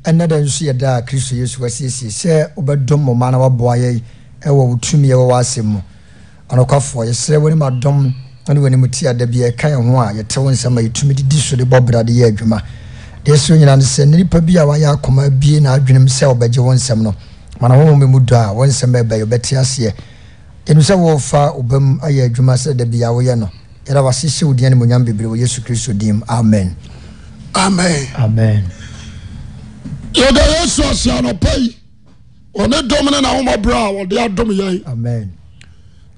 ɛnɛ dɛ nso yɛ da a kristo yesu wasiesie sɛ wobɛdɔm mɔma na waboa yɛ ɛwɔ wo tumi ɛwɔ w'asɛm mu anɔkwafoɔ yɛsrɛ w'anim adɔm ne w'anim ti ada bi ɛka yɛn ho a yɛte wo nsɛm a yɛtumi de di so de bɔ brade yɛ adwuma deɛ ɛsɛ nyinaa no sɛ nnipa bi a wayɛ akoma bie na adwenem sɛ wɔbɛgye wo nsɛm no mana wɔn mu dɔ a wɔn nsɛm ɛbɛyɛ wɔbɛte aseɛ yɛnu sɛ wɔrefa ɔbɛm ayɛ adwuma sɛ da bi a woyɛ no yɛda w'ahyehyɛ wo din animuonyam bebree wɔ yesu kristo dim amen amen amen yɛda yɛsu ase anɔpa yi ɔne dom ne nahomaberɛ a wɔde adom yɛi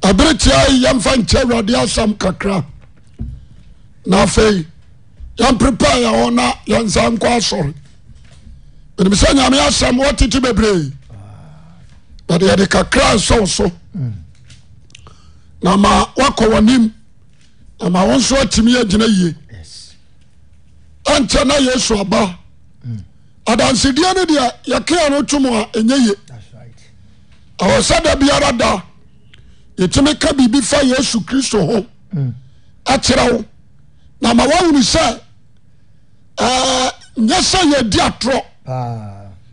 abere tia yi yɛmfa nkyɛ awurade asam kakra na afei yɛmprepaa yɛ hɔ na yɛnsa nkɔ asɔre menim sɛ nyame asɛm wɔtete bebree but yɛde kakra nsɛw so na ma woakɔ w'anim na ma wo nso atumi agyina yie ɛnkyɛ na yesu aba adansediɛ no deɛ yɛkea no twomɔ a ɛnyɛ ye awɔ sɛ da biara da yɛkume ka biibi fa yesu kristo ho mm. akyerɛ wo na mawa wunu sɛ yɛ sɛ yɛdi atorɔ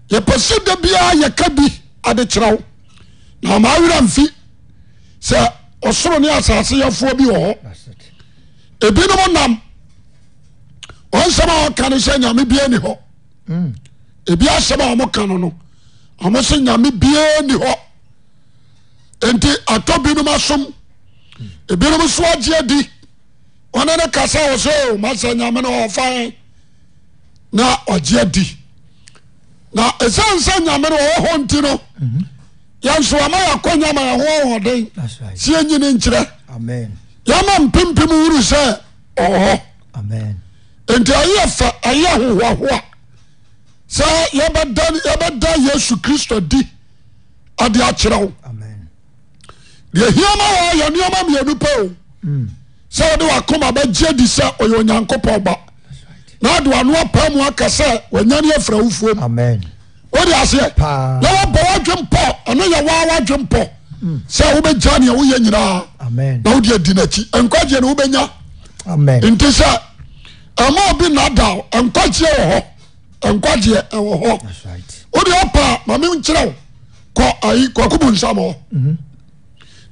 yɛpɛ sɛ da biara yɛka bi ade kyerɛ wo na amaa werɛ mfi sɛ ɔsoro ne asase yɛfoɔ bi wɔ hɔ ebinom nam ɔnsɛm a wɔka ne sɛ nyame biaani hɔ ɛbi asɛm a o mo ka no no ɔmoso nyame biaa nni hɔ enti atɔ binom asom binom so agyea di ɔne ne ka sɛ ɔ oh, sɛ wɔmasɛ nyamene ɔɔfae na ɔgyea di na ɛsiane sɛ nyamene ɔɔhɔ nti no mhm. yɛnso wama yɛkɔ nyamaahoɔhɔden siɛ nyini nkyerɛ yɛma pepem wuru sɛ ɔɔ nti ayɛyiɛ hohoaho a sɛɛbɛdan yesu kristo di ade akyerɛ wo deɛ hiama wɔ yɛ nneɔma myɛnupao mm. sɛ wode woakoma bɛgyee di sɛ ɔyɛ onyankopɔn ba na de woanoa paa mu aka sɛ wɔanyane yɛfira wo fuom wode aseɛ nɛ wɔbɔ w'adwe mpɔ ɛne yɛwoa w'adwepɔ mm. sɛ wobɛgya neɛ woyɛ nyinaa na wode adi nokyi ɔnkagyee ne wobɛnya nti sɛ ɔma obi nadal nkwɔgyee wɔ hɔ nkadɛ wɔ hɔ wode ɔpaa mamenkyerɛ kɔ kakubu nsamɔ mm-hmm.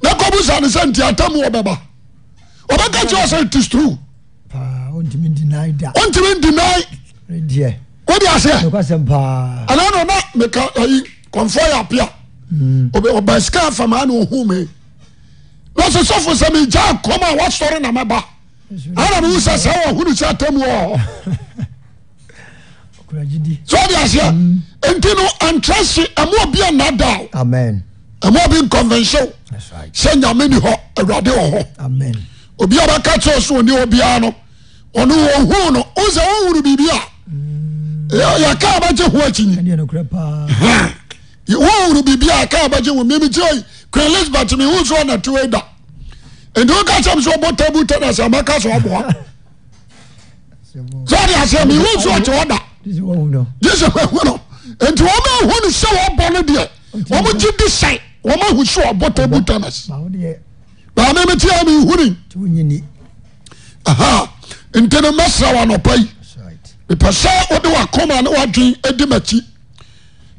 na kɔbu sa ne sɛ nti atammuɔ bɛba ɔbɛka kiwɔ sɛ tistro wɔntimi dinai odiasɛ ana nɔna mka i kɔnfɔ yɛpia mm-hmm. ɔbasika famaaneɔhum na ɔsosofo sɛ migya kɔma wasɔre namɛba anamwusɛ sɛ whunu sɛ atamuɔɔ so de aseɛ mm. enti no ɛntrɛ se ɛmo obi anadaw ɛmo obi nkɔnvɛnhyɛw sɛ nyame ni hɔ awurade wɔ hɔ obi a bɛka kyerɛ so ɔne obiara no ɔno wɔhu no wo sɛ wohuru biribi a mm. yɛka bɛgye ho akyinyi wohuru biribi a ka bɛgye ho memikyei queen elizabeth mehu so ɔnatoei da nti woka kyɛm sɛ ɔbɔ tabu tennis ɛmɛka so ɔboa sɛ ɔde aseɛ mehu so ɔkye ɔda sɛhunti ɔma hune sɛ wobɔ no deɛ ɔmoke de sai wɔmahu sɛ bɔtabtms bɛmmɛtimhune nte no mɛsrɛ woanɔpayi epɛ sɛ wode wokoma ne wdwen demaki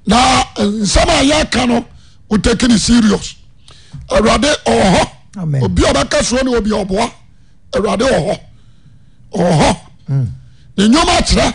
na eh, nsɛmayɛaka no wotakine serios awurade ɔɔhɔ obi bɛka soɔ ne b ɔboa awrade ɔhɔh ne womkyerɛ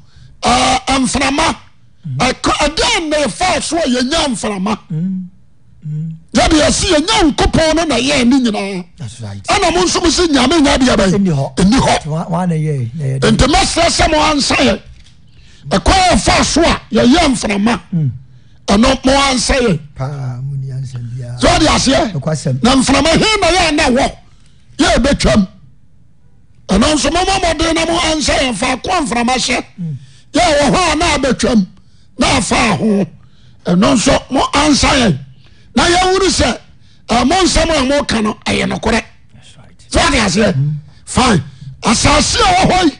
mfnama anfasoa yya mframa mm-hmm. eh, adeɛsɛ ynya mm-hmm. nkopɔn no nayɛ ne nyinaa na mo nsom so nyame adia h nti mɛsɛ sɛ moansa yɛ ka fa so a yɛyɛ mfama mm. ɛnoansayɛsɛdeɛ mfama i na yɛnɛ hɔ yɛbɛtwam nso momɔd na moansayɛ faakɔ mframa hyɛ mm. ɛwɔ hɔ nabatwam naafaaho ɛno ns ansaɛ na yɛwuno sɛ monsam amoka no ɛyɛ nokorɛ sɛnesɛ mm. asase a wɔhɔyi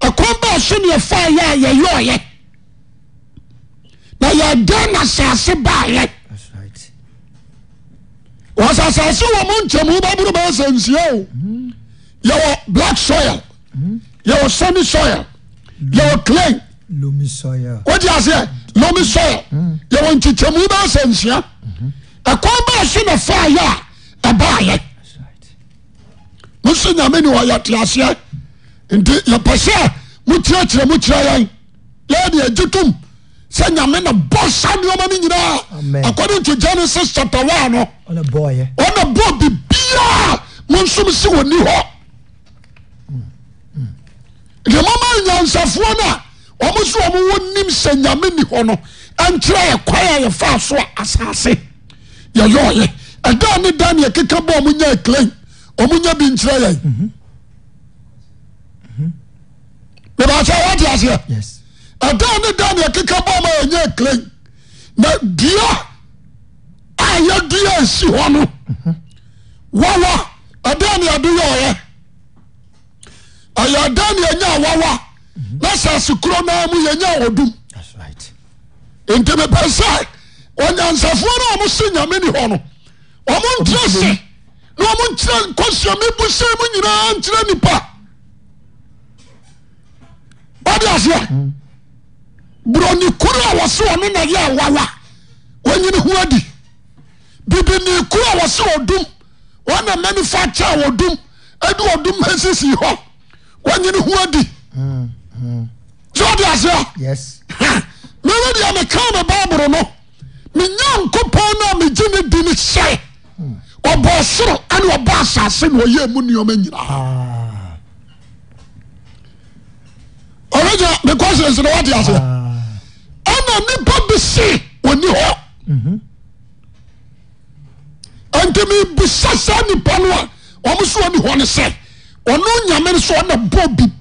konba soneɛfayɛa yɛyɔɔyɛ na yɛda no asase bayɛ sɛasase wɔ mɔ nkyɛmo baboromaɛsɛnsie o mm. yɛwɔ black soil mm. yɛwɔ suny soil yɛwɔ clain woteaseɛ lomisoy mm-hmm. yɛwɔ nkyekyɛmoo bɛasansia mm-hmm. ɛko bɛɛ so na faayɛa ɛbayɛ moso nyameniɔ yɛteaseɛ nti ɛpɛsɛ mokyerakyerɛ mokyera yɛn yɛdeagyi tom sɛ nyame nabɔ saneɔma ne nyinaa akne nto genesis satawaa no ɔnebɔɔ bibiaa monsom siwɔni hɔ d mm. moma mm. yansafoɔ no ɔmo so ɔmo wɔ nim sɛ nyame ni hɔ no ɛnkyerɛ yɛ kwae a yɛfaa so a asase yɛyɔɔyɛ ɛda ne da ne yɛkeka bɔ ɔmo nya ɛklɛn ɔmo nya bi nkyerɛ yɛn mebaasa wɔte aseɛ ɛda ne da ne yɛkeka bɔ ɔmo yɛnya ɛklɛn na dua a yɛdua asi hɔ no wawa ɛda ne yɛdo yɔɔyɛ ɛyɛ ɛda ne yɛnya wawa na sase kuro naa mu yɛnya wɔdum nti mepɛ sɛ ɔnyansafoɔ no nyame ni hɔ no na ɔmonkyerɛ nkɔsuame bu sɛ mu nyinaa aseɛ kuro a na yɛ wawa wɔnyini ho adi kuro a ɔdum ɔdum hɔ wɔnyini adi mm. sɛ wode aseɛ mene deɛ meka me bible no menya nkopɔn no a megye ne di no hyɛ ɔbɔ soro ane ɔbɔ asase na ɔyɛ mu nneɔma nyinaa ah. ɔregya mekɔsensene wode aseɛ ah. ɛna nipa bi se ɔni hɔ ɛnti mhm. mi saa nnipa no a ɔmo so ɔni hɔ no sɛ ɔno nyame no ɔna bɔ bibi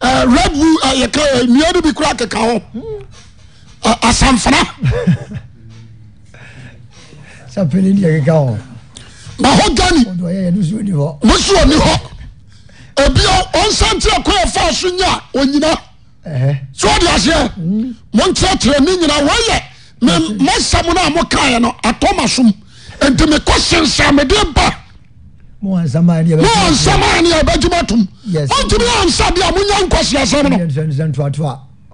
Eh, rnuano eh, eh, bikora keka hɔ asamfana mahɔ ganinosoni hɔ bio ɔnsanteɛ koyɛfa so nyaa ɔyina soɔdeaseɛ monkerɛ kyerɛne nyina wɔyɛ mosamu no a mokaɛ no atɔmasom nti meko sensa mede bao nsamaaneabɛgyematom montumi ɛnsadeɛa monya nka sɛsɛmno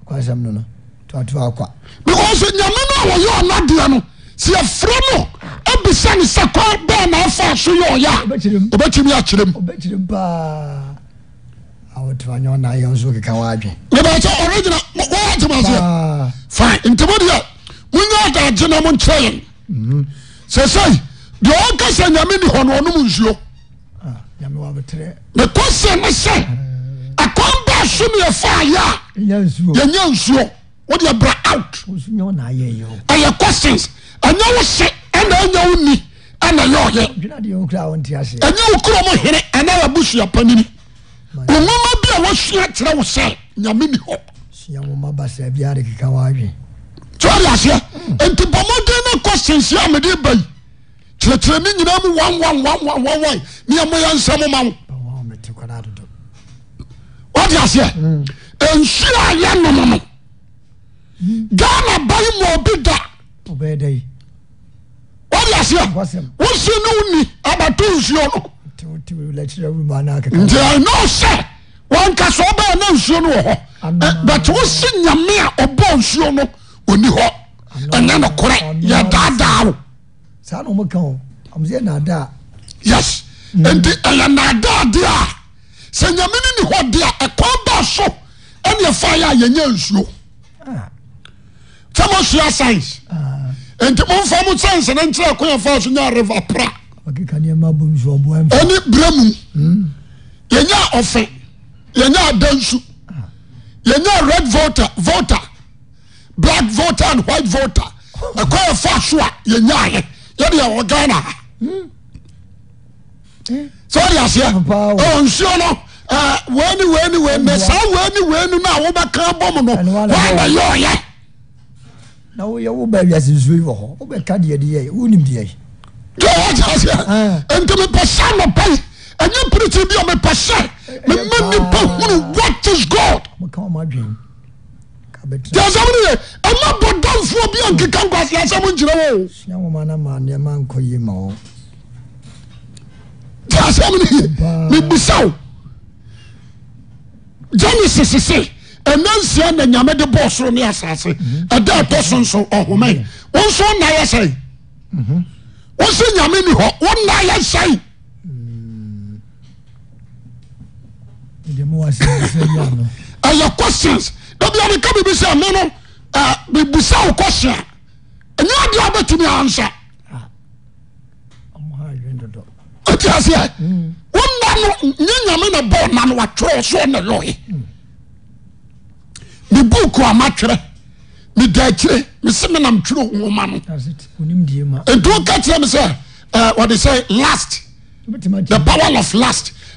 because nyame no awɔyɛ ɔnadea no sɛɛfrɛ no abisɛ ne sɛko bɛnaɔfaaso yɛɔyɛa ɔbɛimi akyerɛ mɔginasɛ nti modeɛ monya ɔda gena monkyerɛ yɛn sɛ mhm. sɛi deɛ ɔkɛ sɛ nyamene hɔno ɔnom nsuo ne kosen ne sɛ akwon ba so neɛfaayɛ ayɛnya nsuo wode bra outyɛ kosens ɛnyɛ wo se ɛna anya woni ana yɛɔyɛ ɛyɛ wo kuro mu here ɛna wabosuapanini owoma bia wasurɛ terɛ wo sel nyameni hɔ twde aseɛ mm. nti bɔ mɔden no kosens yɛa mede bai kyerɛkyerɛ ne nyinaa mu wanwanwanwanwan ne ɛmo yɛ nsɛm ma wo wode aseɛ nsuo a yɛ nom no ghana bayi ma obi da wode aseɛ wose ne wo ni abato nsuo no nti ɛno sɛ wanka sɛ ɔbɛɛ na nsuo no wɔ hɔ but wose nyame a ɔbɔɔ nsuo no ɔni hɔ ɛnyɛ no korɛ yɛdaadaa wo nɛlnadaadeɛa sɛ mm. nyamenene hɔ de a ɛko ba so neyɛfayɛ a yɛnyaa nsuo ssoasinomfm snsn kyerɛ ɛk ɛfaso nyɛvapraɔne beramu yɛnya ɔfɛ yɛnya danso ah. yɛnya red votevoter black voter and whit voter ɛkyɛfa so a yɛnyayɛ ɛɛdeɛnu nnsaa nnna wobɛka bɔm nodayɛɔyɛ n wyɛ wobawas sui wɔhɔ woɛka deɛdɛwondɛnt pɛsɛ nɔpa ɛnyɛ pereti bi mepɛsɛ memanipohunu was g tí a sẹ́mu nìyẹn ẹ má bọ̀ dánfọ́ bí ọ̀nkíkà ń kọ́ àti asẹ́mu jìnnà wò. sùnyà wọn máa ná màá ní ẹ máa ń kọ yìí mà ó. tí a sẹ́mu nìyẹn mi busa o jẹ́ni sisisi ẹ̀nà nsia na nyàmẹ́dẹ́ bọ́ọ̀ soro ní asase ẹ̀dá mhm. ẹ̀tọ́ so nso ọ̀hùnmẹ́ yìí mhm. wọ́n nso nà yẹ sẹ́yìn mhm. wọ́n sẹ́ nyàmẹ́ ni họ wọ́n nà yẹ sẹ́yìn. ẹ̀yẹ questions. obiane uh, eh? mm. eh? mm. ka birbisɛ me no bɛbu sa wo kɔse a ɛnyɛadea wobɛtumi ansa asea wona no nyɛ nyame nabɔna no wakwerɛ soɔna lɔe mɛbu ku amatwerɛ meda kyire mese menamtwerɛ woma no nti woka kyerɛ m sɛ wɔde sɛ last the power of last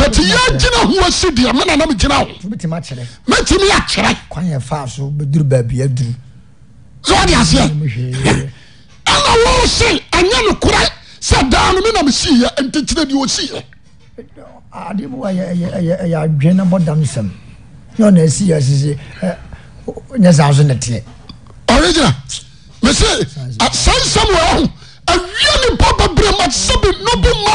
yɛgyina hoasideɛennamginaɛkrɛ mɛtmyɛkrɛaɛfaɛdrbabiadde seɛ ɛnwo se anya nokora sɛ da no menamesiɛ ntkiradeɛ sɛadmyɛ adwe n bdam nsɛmyɛnsiyɛs nyɛ s so neɛgɛsɛ nsɛm awia ne pɔ baberɛmasɛbe nbono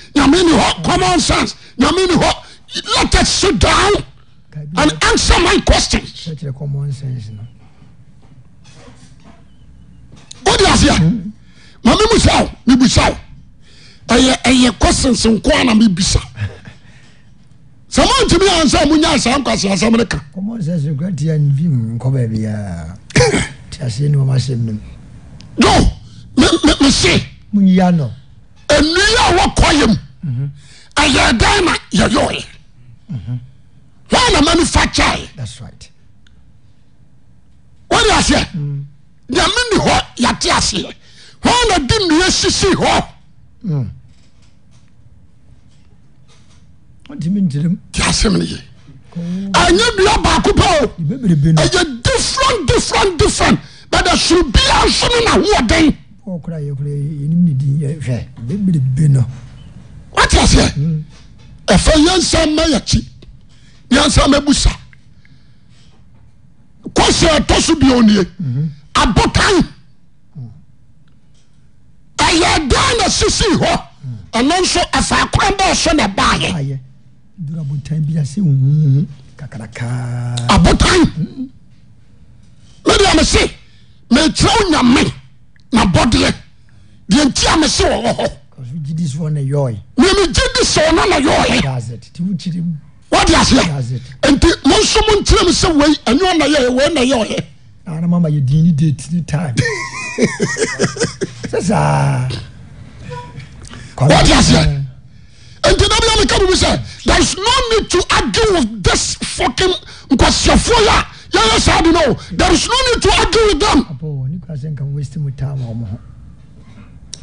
nyamene hɔ commnsanse nyamene hɔ et so down an anser my qestio odeasea ma memu sawo mebisawo ɛyɛ kɔsensenkʋana me bisa sɛ maantimi ansɛa munyasaa nkwaseasɛm ne kaomese aniya awɔkɔ yam mhm. ɛyɛrdan ma yɛyɔyɛ ha na mamefa kyae wedeasɛ mm. namene hɔ yateaseɛ hana dimne sisi hasmny aya bira baako pa yɛ different different different but asorobia nsono na ho den wateaseɛ ɛfa yansa ma yakyi nansa ma b sa kose ɔtɔ so biodie mhm. abotan hmm. ayɛ daa nasisi hɔ hmm. ana nso afaakora bɛɛso ne baayɛoa medeame se makyirɛ wonyame nabɔdeɛ dɛntia mese wɔwɔ hɔmemegedi sɛnonɛ n monsomo nkyerɛm sɛ ɛnyɛɛntimeka bmisɛ tereis noed to argue it tis foem nksɛfo y yɛyɛ saa de there is no need to argue with them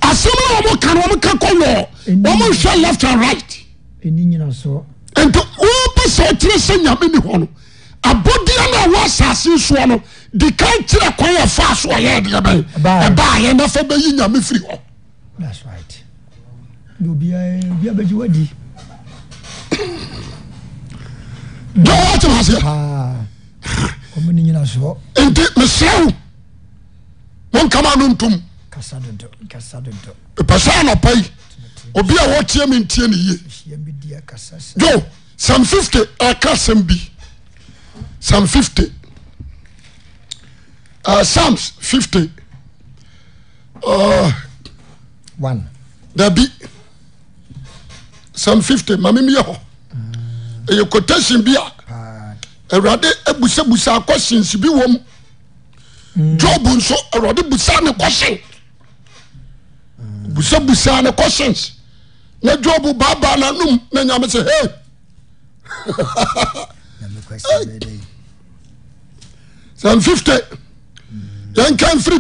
asɛm na ɔmo ka no ɔmo ka kɔ wɔ ɔmo nhwɛ left and right nti wopɛ sɛ ɔkyerɛ sɛ nyame ni hɔ no abɔdeɛ no a wɔ asase soɔ no de ka kyerɛ kwan yɛ fa so ɔyɛ deɛ bɛn ɛbaayɛ na fa bɛyi nyame firi hɔ That's right. obiara bɛgye wadi dɔwɔ kyerɛ aseɛ nte mesrawo monkama no ntom epasaanapai obiawo tie me ntie ne yejo sam 50 aka sam bi sam 50 sams 50 dabi sam 50 mamemiɛhɔ eyɛkotesin bia awurade abusa busaa kɔsens bi wom dwob nso awurade busa ne kɔsyen busa busaa ne cosens ne dwob baabaa nanom ne nyame sɛ ei sa50 yɛnkɛmfiri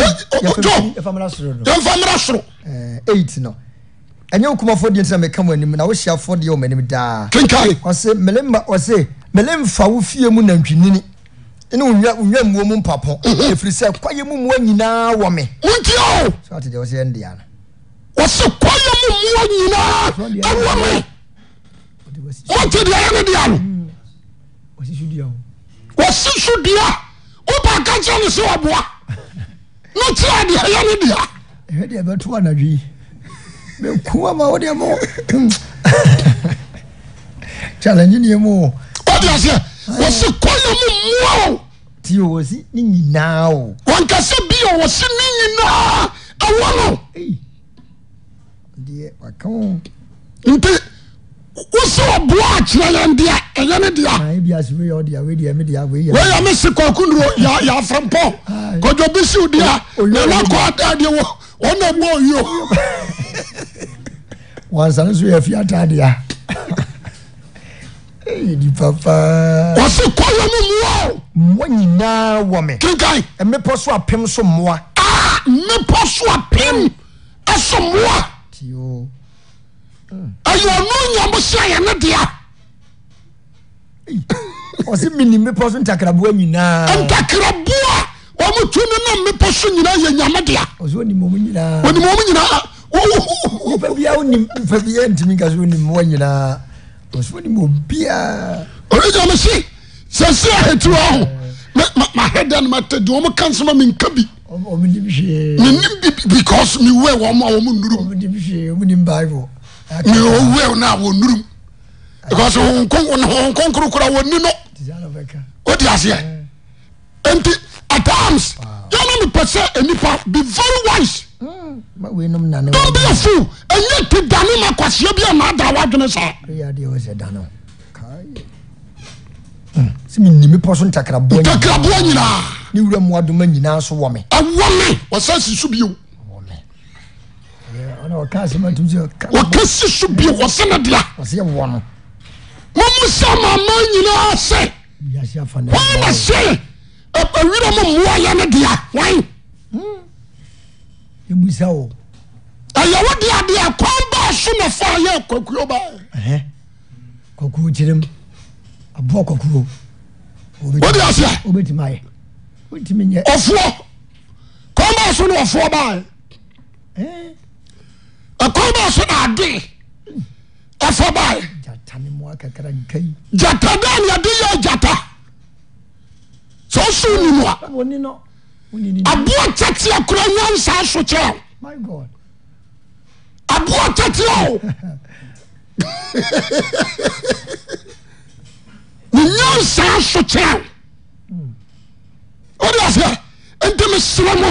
125yɛmfammra soro ɛyɛ wokafodeɛ ti na a nnawohyiafdeɛ 'naa meremfa wo fie mu nantwinini ne wa mmuomu mpapɔ mhm. ɛfiri sɛ kwaeɛ mu mua nyinaa wɔ me n ɛ mayinaɛsa woakakɛ n ɛaɛ mekua ma wode mo hmm. challenge ne mu wode aseɛ wɔse kɔyɛ mu mmoa o ti o wɔsi ne nyinaa o wankasɛ bi o wɔse ne nyinaa awɔ no deɛ waka wo nti wosi ɔboa akyerɛ yɛn deɛ ɛyɛ ne deɛ weyɛ me se kɔkunduro yɛafrɛmpɔ kɔdwo bi siw deɛ nana kɔ ataadeɛ ɔna mu ɔyio wansane so yɛfi ataadeɛ nipa paa wɔse kɔyɛ no mmoa o mmoa nyinaa wɔ me kenkan mmepɔ so apem so mmoa mmepɔ so apem ɛso mmoa y no yam seyenedeanakra mtn ne mepso yinayyadeanyine eha ane mi owu ẹ na wọ nurum because nkonkoro kora wọ ni no o di aseɛ nti at times yɛn ni pɛ sɛ nipa be very wise. don't be a fool ɛnyɛ ti dani ma kwasiɛ bi a ma da wa dwene sa. simi nimi pɔ so ntakraboa nyinaa ne wura mu adoma nyinaa so wɔ me ɛwɔ me wɔsɛ si so bio kase so biwose ne deas momusa mama yina sɛne se awira mo moa yɛne dea msao ayɛwo deadea komba so ne fa yɛ kako bakre aɛɔfɔ kom basono ɔfoɔ ba koba so na ade ɔfaba yata dane ade yɛ yata sɛ oso nunoa aboa keteɛ kora yansa sokyerɛwo aboa keteɛ o nyansa sokyerɛo odeasɛ hmm. ntemeseremo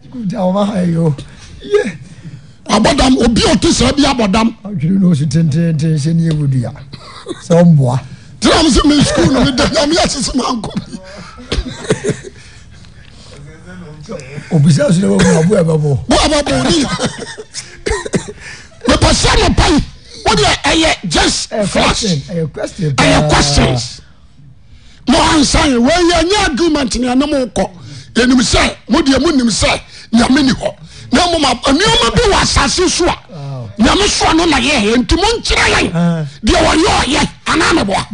abɔdam obi ɔte saa bi abɔdam tram some scul no mednameyɛsesɛ mankɔm mebɔ sɛ no pai wodeɛ ɛyɛ jusɛyɛ questions mo ansae wyɛnyɛ guvement neane mokɔ ɛnim sɛ modeɛ mo nim sɛ anhma bi wo asase sa namesoa no nay ntimonkira ye dɛ oyɛyɛ ananboato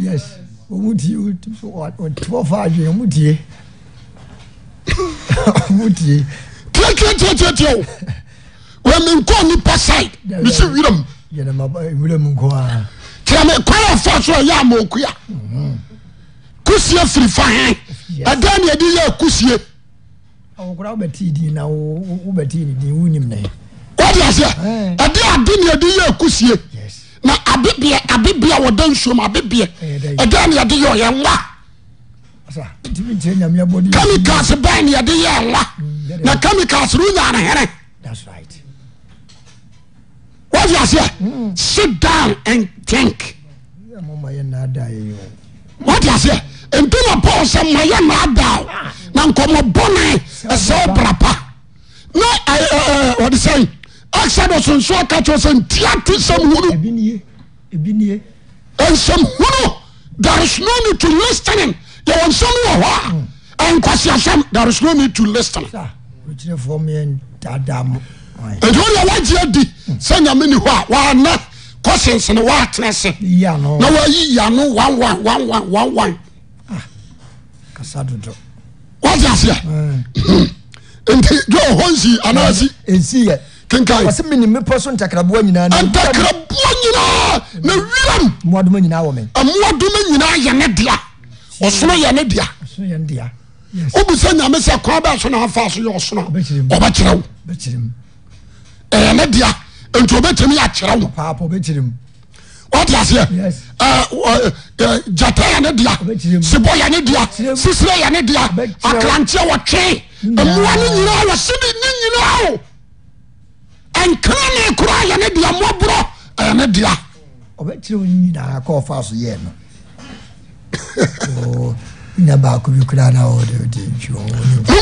amenko nip side r korefa s yɛ mka kusie firi fa aadenede yɛ kusie sɛ de adenede yɛkusie na ab wdens a ndeyywacamicas eh. bnde yɛ wa na camicasyanehere ds ito an tank ntmp sɛmayɛ n ada na nkɔmabɔn ɛsɛobra pa dsɛ snso sɛ shshɔsɛwaeadi mm. mm. sɛ nyamni hɔ na ksnseno watense n wayiyno eɛn nnmonraoanakraboa yinaa nw moadom yinaa yɛne dea sono yɛne dea obu sɛ nyamesɛ ko ɛsonfasɛɛɛoɛne dea ntibɛrimyɛkerɛoɛr deasɛ jatra yɛne dea sebo yɛne dea sesire yɛne dea aklanteɛ wɔtwee moa ne yina seni ne yina o nkrane kora yɛne dea moborɔ yɛne deaemu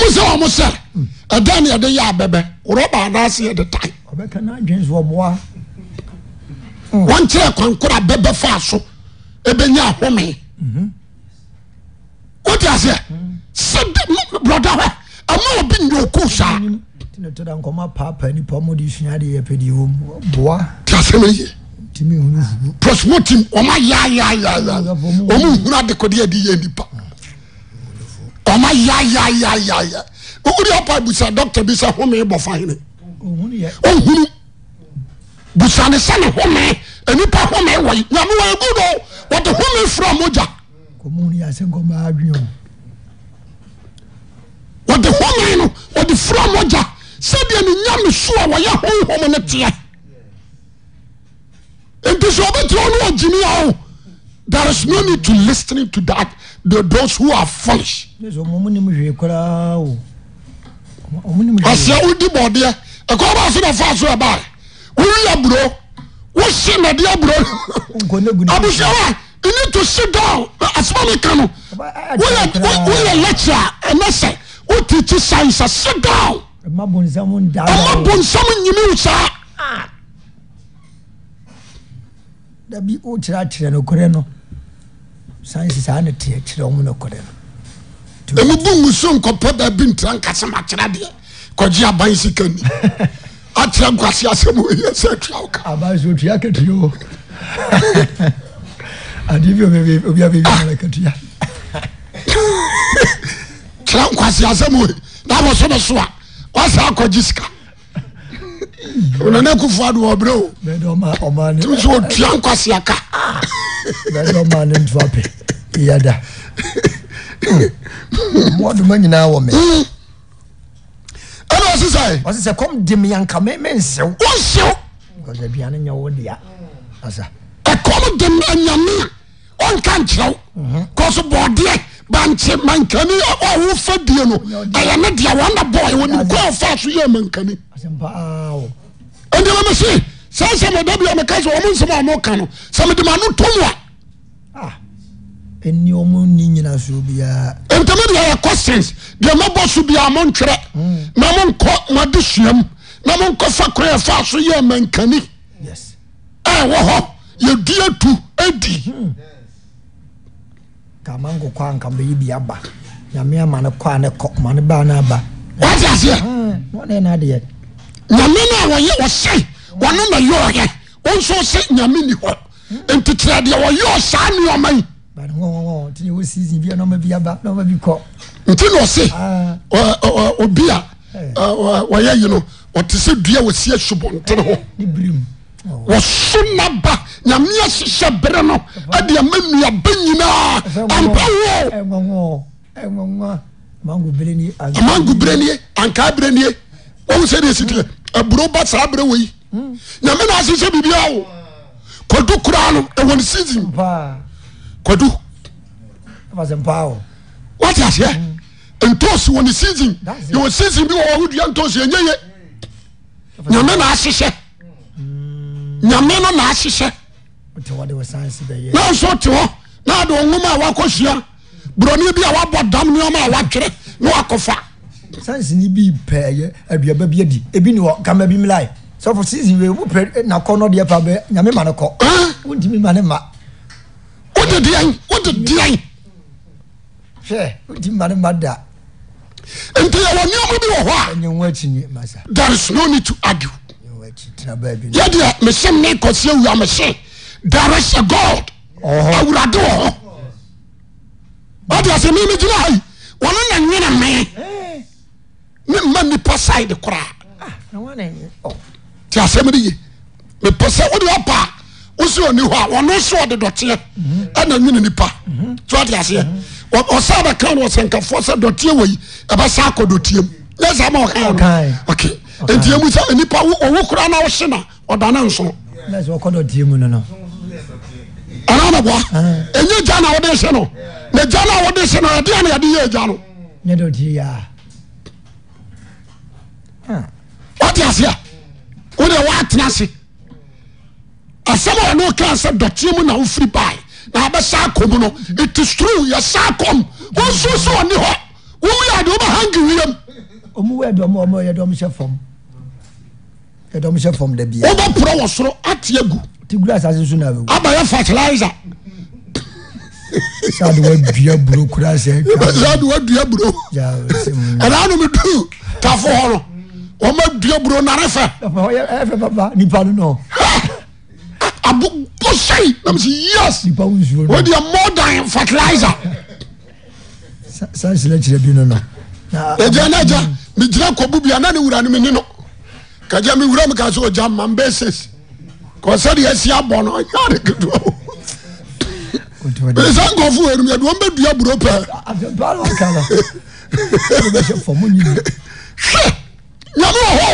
sɛ wo mo sɛ ɛdanne ɛde yɛ bɛbɛ worebanaseɛ deda wọn kyerɛ kwankora bɛbɛ fa so ebɛnya ahome wote aseɛ sɛ brɔda hɔ ama obi nyɛ oko saa tẹnɛtẹnɛ nkɔmɔ paapaa nipa mo de sua de yɛ pɛ de wɔm boa. tí a sɛ mi yɛ. tìmí hunu hunu. pɔsibó tim ɔmá yáyáyáyá ɔmú hunu adekode yɛ di yɛ nipa ɔmá yáyáyáyá okudi apa ibusa dɔkita bi sɛ homi bɔ fain. ohun yɛ busane sɛne home nipa home wɔ nyamewagu no wɔde home fra mogya wɔde home no wɔde fra mogya sɛdeɛ ne nyame so a wɔyɛ honhom no teɛ nti sɛ wɔbɛtiri wo no wɔgyini a o there is no need to listening to that the, those who are foolish aseɛ wodi bɔdeɛ ɛkɔ ba so na fa so ɛbaɛ ɛodɛ neto sedoasmɛnkanowoyɛ leke a ɛnɛsɛ wotekye siense sedoma nsɛm i saakyrɛkyerɛnok sinsane kyerɛ nmubo mu sonkɔpɔ dabi ntra nkasemkyera deɛ kɔye abasika ni akyerɛ nkwase asɛm ɔyɛ sɛ atua wo ka abaso tua katuo adeɛ bi obia bɛbi katua kyerɛ nkwase asɛm ɔi na bɔso no so a wasa akɔgye sika onana akufo ado wɔ berɛ otimi sɛ ɔtua nkwase aka bɛdɔma ne ntoa pɛ yɛda hmm. mmoadoma nyinaa wɔ me hmm ɛna ɔsi sɛ. ɔsi sɛ kɔm di mi yanka mɛ mɛ nsew. o nsew. ɔsɛ aduane nyɛ wo dea. ɔsɛ. Hmm. ɛkɔm di mi anyame a ɔnka nkyerɛw. Mhm. kɔsu bɔɔdeɛ bankye mankani ɔwɔ fa die no ɛyɛ ne deɛ wɔn na bɔɔ yɛ wɔn kɔ ɔfa so yɛ mankani. ɔsɛ mpaawo. ɛnìyɛn mi si sɛ sɛ mo dabi ɔmo kɛ sɛ ɔmo nsɛm a ka no sɛ mo wa. nnyiantmedeyɛkɔ sens deɛ mabɔ so bia mo ntwerɛ mm. na monkɔ made suam na monkɔ fa kraɛfa so yɛ mankaniwɔ hɔ yɛdi at dieeɛ nane aɔsɛ ɔne mayɔɔyɛ ɛ nyani hnerɛdeɛyɛɔsaa nema bani wọn wọn wọn ti wo eh. eh, eh, hmm. season bi nọọma bi aba nọọma bi kọ. nti na ọsẹ obi a wọyẹ yi no ọtí sẹ dua wọ si asubọnten hɔ wɔso naba nyame ahyehyɛ bere no ɛde ama nnuaba nyinaa ampɛ wo amango bere nie ankaa bere nie wɔhu sɛ de ɛsitiɛ aburo ba saa bere wɔ yi nyame na ahyehyɛ biribia wo kɔdu koraa no ɛwɔ ne season kwadu wate aseɛ ntoosi wɔ ne season yɛwɔ season bi wɔ wɔ wodua ntoosi ɛnyɛ ye nyame na ahyehyɛ nyame na ahyehyɛ nanso te hɔ na ade ɔnwoma a wakɔ sua buroni bi a wabɔ dam nneɛma a watwerɛ na wakɔfa sansi ni bi pɛɛ aduaba bi adi ebi ni wɔ kama bi mila yi sɔfo season wei wopɛ nakɔ nɔdeɛ pa bɛ nyame ma ne kɔ wontimi ma ne ma odeda ntɛw nemade w hɔ ryede mehemnekosea ia meye direse god wrade ho adasmmegina ai one na wene me ne ma nipa side kraa ah, tsɛmdee mepsɛwode pa wosi oni hɔ a wɔn nso ɔde dɔteɛ ɛna nyina nipa tí wàá di aseɛ ɔsan bɛ kan wɔ sɛnkafoɔ sɛ dɔteɛ wɔ yi ɛbɛ sa e akɔ dɔteɛ mu yɛ sɛ ama ɔkan yɛ ok nti emu sɛ nipa ɔwɔ kura na ɔhyɛ na ɔdana nso. ɛnna ɔkɔ dɔteɛ mu nono. ɛnna ɔna bɔ ah. enye gya na ɔde hyɛ no na gya na ɔde hyɛ no ɛdi ana yɛde yɛ gya no. nyɛ dɔteɛ ya. Ah. wàá di aseɛ wɔn de wɔn atena ase asɛm a ɔno kaa sɛ dɔteɛ mu na wofiri bae na abɛsa akɔm no it is true yɛsa akɔm wɔnso sɛ ɔne hɔ wɔmu yɛ ade wobɛhange wiam ɔmuwɛ dɔm ɔmɔ yɛ dɔm hyɛ fam yɛ dɔm hyɛ fam da bia wobɛporɔ wɔ soro ate agu ti gura asase so na abawu abayɛ fertilizer sáàdì wa dua buro kura sẹ. sáàdì wa dua buro. ẹnna anum du tafo hɔ no wɔn ma dua buro nare fɛ. ɛ fɛ papa nipa nínú. bo se nesed modan fertiliserejaneja mejina kobobinanewura nemeeno keje mewure m kesejamabesesi sede asi bon dsankoferuobed bro pe yame ho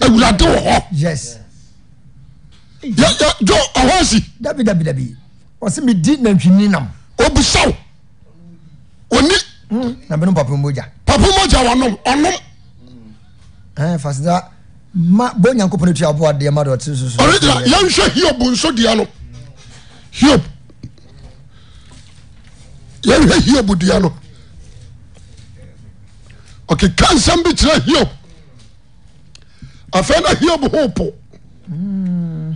awura deoho ɔ ɔhosi dabidabidabi ɔsɛmedi nantwini nam obusaw onni hmm, nabɛnopapgyappgyawnoɔno farse da ma bo nyankopɔn auaboadeɛmadeɔtessyɛhwɛ hiob nso dia no yɛhwɛ hiob dia no kka nsɛm bi kyira hio afɛi no hiob hopo hmm.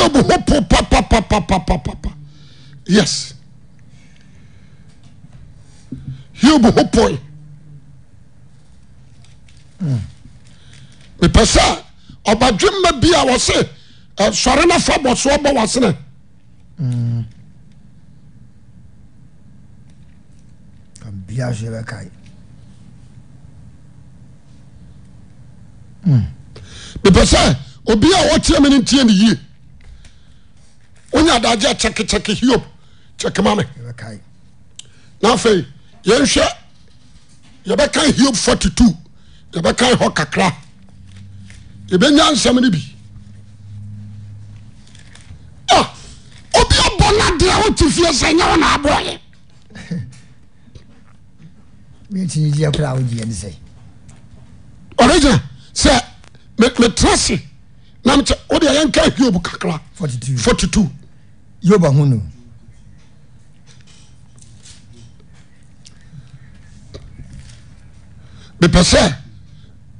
obo ho po pap yes he obo ho poe hmm. epɛ sɛ ɔba dwema bia wɔ se eh, sare na fa bɔsowobɔ wasene hmm. biasɛbɛka bepɛ hmm. sɛ obi a wɔteɛ meno ntiene yi wonya daaya kyɛkekyɛke hiob kyɛkema ne na afei yɛhwɛ yɛbɛka hiob f2 yɛbɛka hɔ kakra ɛbɛnya nsɛm ah, ne bi obi ɔbɔ na deɛ wo tifie sɛ yɛ woneabaye rgina sɛ metrɛse nam kyɛ o de yɛn ka hiob kakra forty two forty two hiob ahono bipɛ sɛ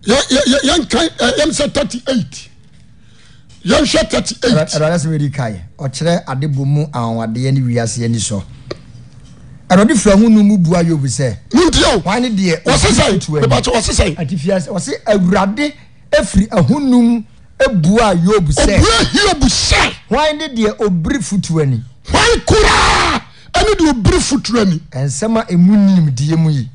yɛ yɛ yɛn ka eh, yɛn sɛ thirty eight yɛn hwɛ thirty eight ɛdɔdɛ sɛ wɛdi kae ɔkyerɛ ade bɔ mu anwadeɛ ne wiaseɛ ni sɔ ɛdɔdɛ fura ho no mu bua hiob sɛ. ntiɛ o wɔn ani deɛ wɔsi sɛ wɔsi sɛ e wɔsi awurade efiri ahonum. E ebua yobu sɛ ebua yobu sɛ wɔn ne deɛ obiri futu ani wɔn koraa ɛne deɛ obiri futu ani nsɛm a emu nim die mu yi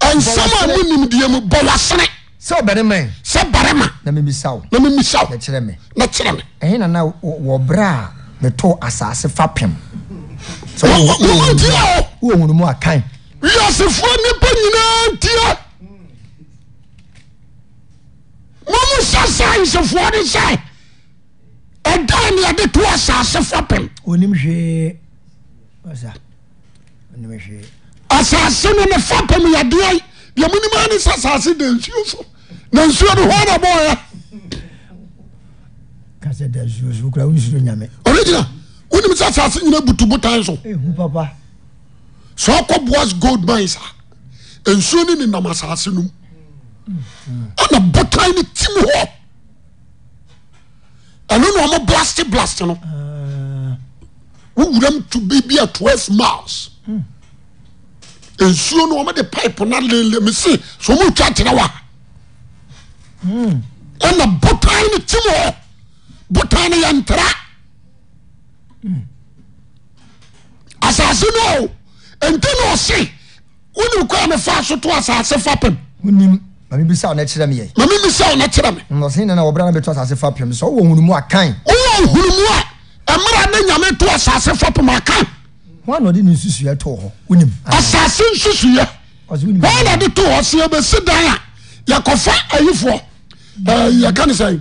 nsɛm a emu nim die mu bɔ wasene sɛ ɔbɛrima yi sɛ barima na mimisa wo na mimisa wo na kyerɛ me na kyerɛ me ɛyin nana wɔ bere a meto asase fa pɛm sɛ wɔn wɔn wɔn ti yɛ o wɔn wɔn mu akan wiasefoɔ nipa nyinaa ti yɛ. mamu sasa nsefoɔ ne sɛ ɛda neyɛde too asase fa pem asase no ne fapem yɛdeɛ biamonim a ne sɛ asase densuo so na nsuo no honaba oregina wonim sɛ asase nyina butu botan so so akɔ boas god mines a ansuo no ne nam asase nom ɛna botan no timh ɛnonmblas bls oma 2mis suo nmdppnlesewakerɛw na bota no timh botanno yɛntra asase no nte nse wonekamefa soto sase fape r ow hunumua merne nyame to asase fo pem akanns asase nsusuende tohɔ s obese dana yɛkofa yifykansacief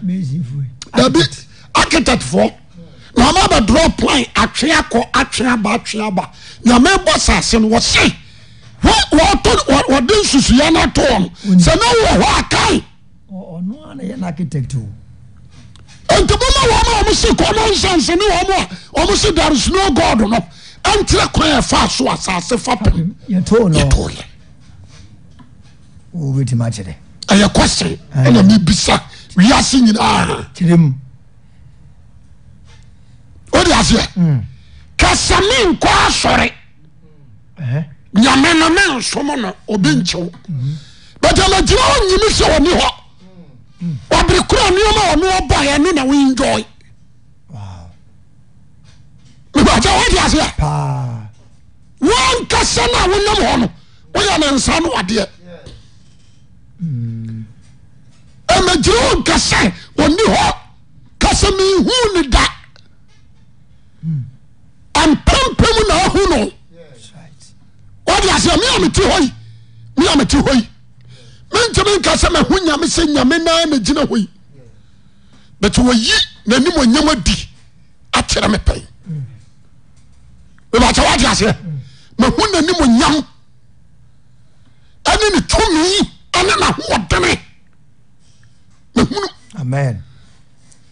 madr pa atek t yam bɔ sasense wɔde nsusuɛna atɔɔno sɛ me wɔ hɔakaeɛnaritect nti moma wɔ no ɔmo se kɔmmonsɛnse ne ma ɔmose darsnogord no anterɛ koa yɛfaaso asase fapomyɛkseɛnamebisa iase yinadeseɛ kasɛmenkɔ asɔre nyame no ne nsom no obɛnkyew but amagyiro ɔ nyimi sɛ ɔni hɔ wabere kora neɔma ɔneɔbɔɛne na wonwoe ea wode asea wonkasɛ no a wonam hɔ no woyɛ nensa no wadeɛ amagyiro ɔ nkasɛ ɔni hɔ kasɛ menhu ne da hmm. mpɛmpɛm naahu no eametehimeamete hoi mentimenka sɛ meho nyame sɛ nyamen megyina hɔi but woyi nanimyam adi atera mepɛi ebɛka waade aseɛ mehu nanimyam anene tome ane nahoɔdene mahunua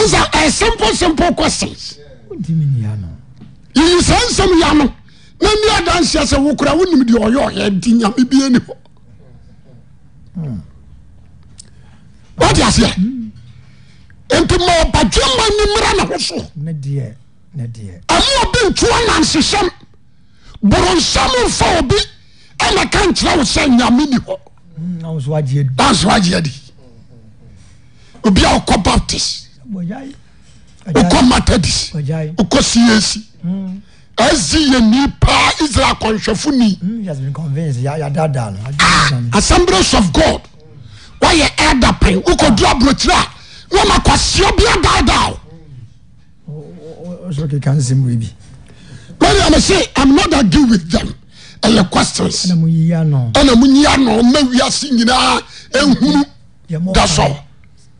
nsa aɛsɛmpo sɛmpo kɔ sen yiyi saa nsɛm yɛ no na ni adansiɛ sɛ wo kora wonim deɛ ɔyɛɔyɛ de nyame biani hɔ wodeaseɛ mpimaɔbadwa ma nimara ne ho so ama ɔbɛ ntwoa namsesyɛm borɔnsɛm mfa obi ɔnaka nkyerɛ wo sɛ nyame ni hɔansoageadi a wokɔ baptistwok atad wok ses asi yɛ nnipa israel knhwɛfoniassebras hmm, ah, of god woyɛ aapwodabira a makseɛ biadawdaesɛ mnoagiei em leqesnamannawiase nyinaa hunu da s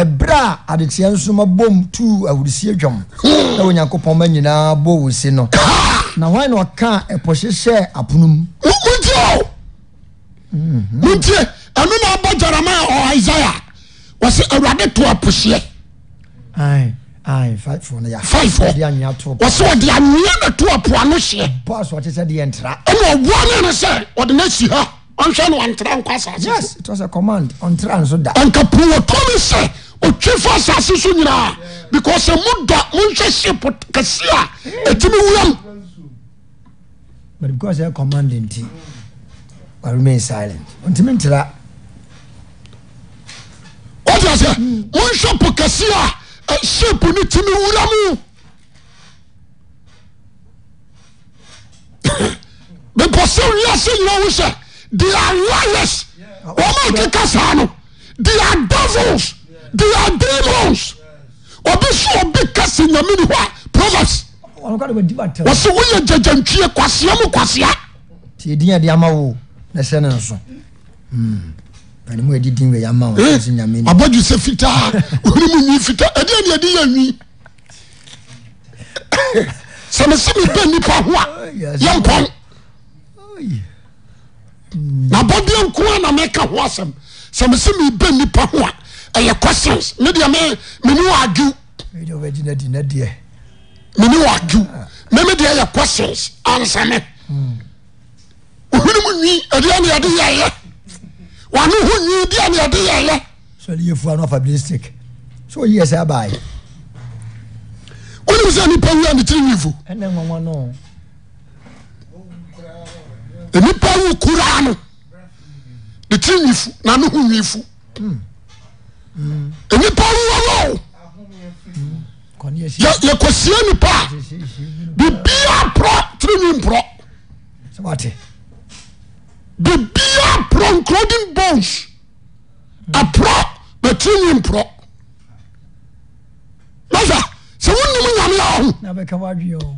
ɛberɛ a adekyeɛ nso ma bom tuu awurisie dwam na onyankopɔn ma nyinaa bɔ wo se no na hwan na ɔka ɛpɔ hyehyɛ aponom wotie mhm. wotie ɛno na abɔ jeremia ɔ isaia wɔsɛ awurade to apohyeɛ fifoɔ wɔsɛ ɔde anwea na to apoano hyeɛ ɛna ɔboa ne no sɛ ɔde no asi ha ɔnhwɛ ɔntra nkɔ asase yes it was a command ɔntra nso da ɔnkapuru wɔtɔmi sɛ ɔtwe fa asase so nyinaa because sɛ moda monhwɛ ship kɛse a ɛtumi wuram but because ɛyɛ command nti I remain silent ɔntumi ntra ɔfia sɛ monhwɛ po kɛse a eh, ship no tumi wura mu mepɔ sɛ wiase nyina wo sɛ de alales ɔmaɛkeka saa no de adavins de adamons ɔbɛ sɛ ɔbɛ ka sɛ nyamene hɔ a proves wɔ sɛ woyɛ gyagya ntwie kwasea mu kwasea ntiɛdinade ma woo nsɛne nsoɛmabɔdwu sɛ fitaa nmni fita ɛdeanneade yɛni sɛ mɛsɛ mepɛ nnipa ho a yɛmpɔn nabɔdeɛ nkoana meka hoasɛm sɛ me sɛ mebɛ nipa ho a ɛyɛ questions eeneen mede yɛ qestions ansane ohenem i ɛdɛneyɛde yɛyɛ neho i dianeyɛde yɛyɛabisticɛsɛb one sɛ nipaanetire wifo nipa wu kura ano? ne ti nyifu na ne ho nyifu nipa wu wɔwɔ yɛ kɔsia nipa a bibia porɔ tiri nwi porɔ bibia porɔ including bones aporɔ na tiri nwi porɔ lɔsɛ sɛ wɔn nimu nyame yɛ ɔho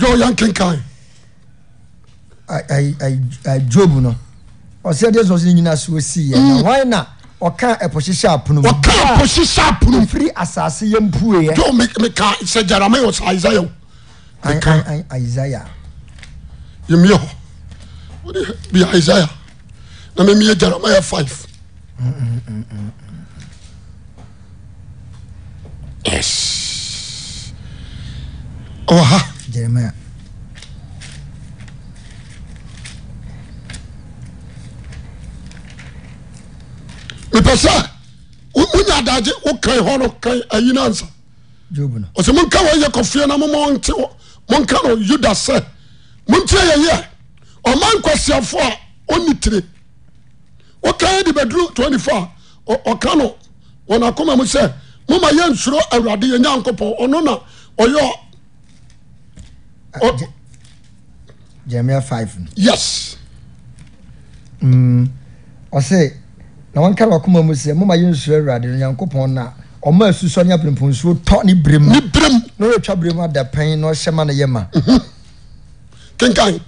jɔ yan kankan job no ɔsɛ deɛ sɔsɔ ne nyinaa so osi yɛ na mm. wɔn na ɔka ɛpɔhyehyɛ apono mu ɔka ɛpɔhyehyɛ apono mu firi asase yɛ mpueyɛ jɔn mi mi ka sɛ jarama yɛ ɔsɛ aizaya o mi ka aizaya yɛ mi yɛ hɔ o de bi aizaya na mi mi yɛ jarama yɛ five mm, mm, yes ɔwɔ ha jeremiah. pɛ sɛ wonya adagye wokan hɔ no kan ayi no ansa ɔsɛ monka wɔyɛ kɔfeɛ no momɔnte monka no yuda sɛ montie yɛyɛ ɔma nkwasiafo a ɔnni tire wokan de bɛduru 24 a ɔka no wɔn akoma mu sɛ moma yɛ nsuro awurade yɛ nyankopɔn ɔno na ɔyɛ ah, Jeremiah 5 yes mm, ɔsɛ mm, na wanka wakoma mu sɛ moma yɛnsuro awurade no nyankopɔn no a ɔma asusɔ ne abrɛmpo nsuo tɔ ne berem ne berem na ɔretwa berem ada pɛn na ɔhyɛ ma no yɛ ma mhm. kenkan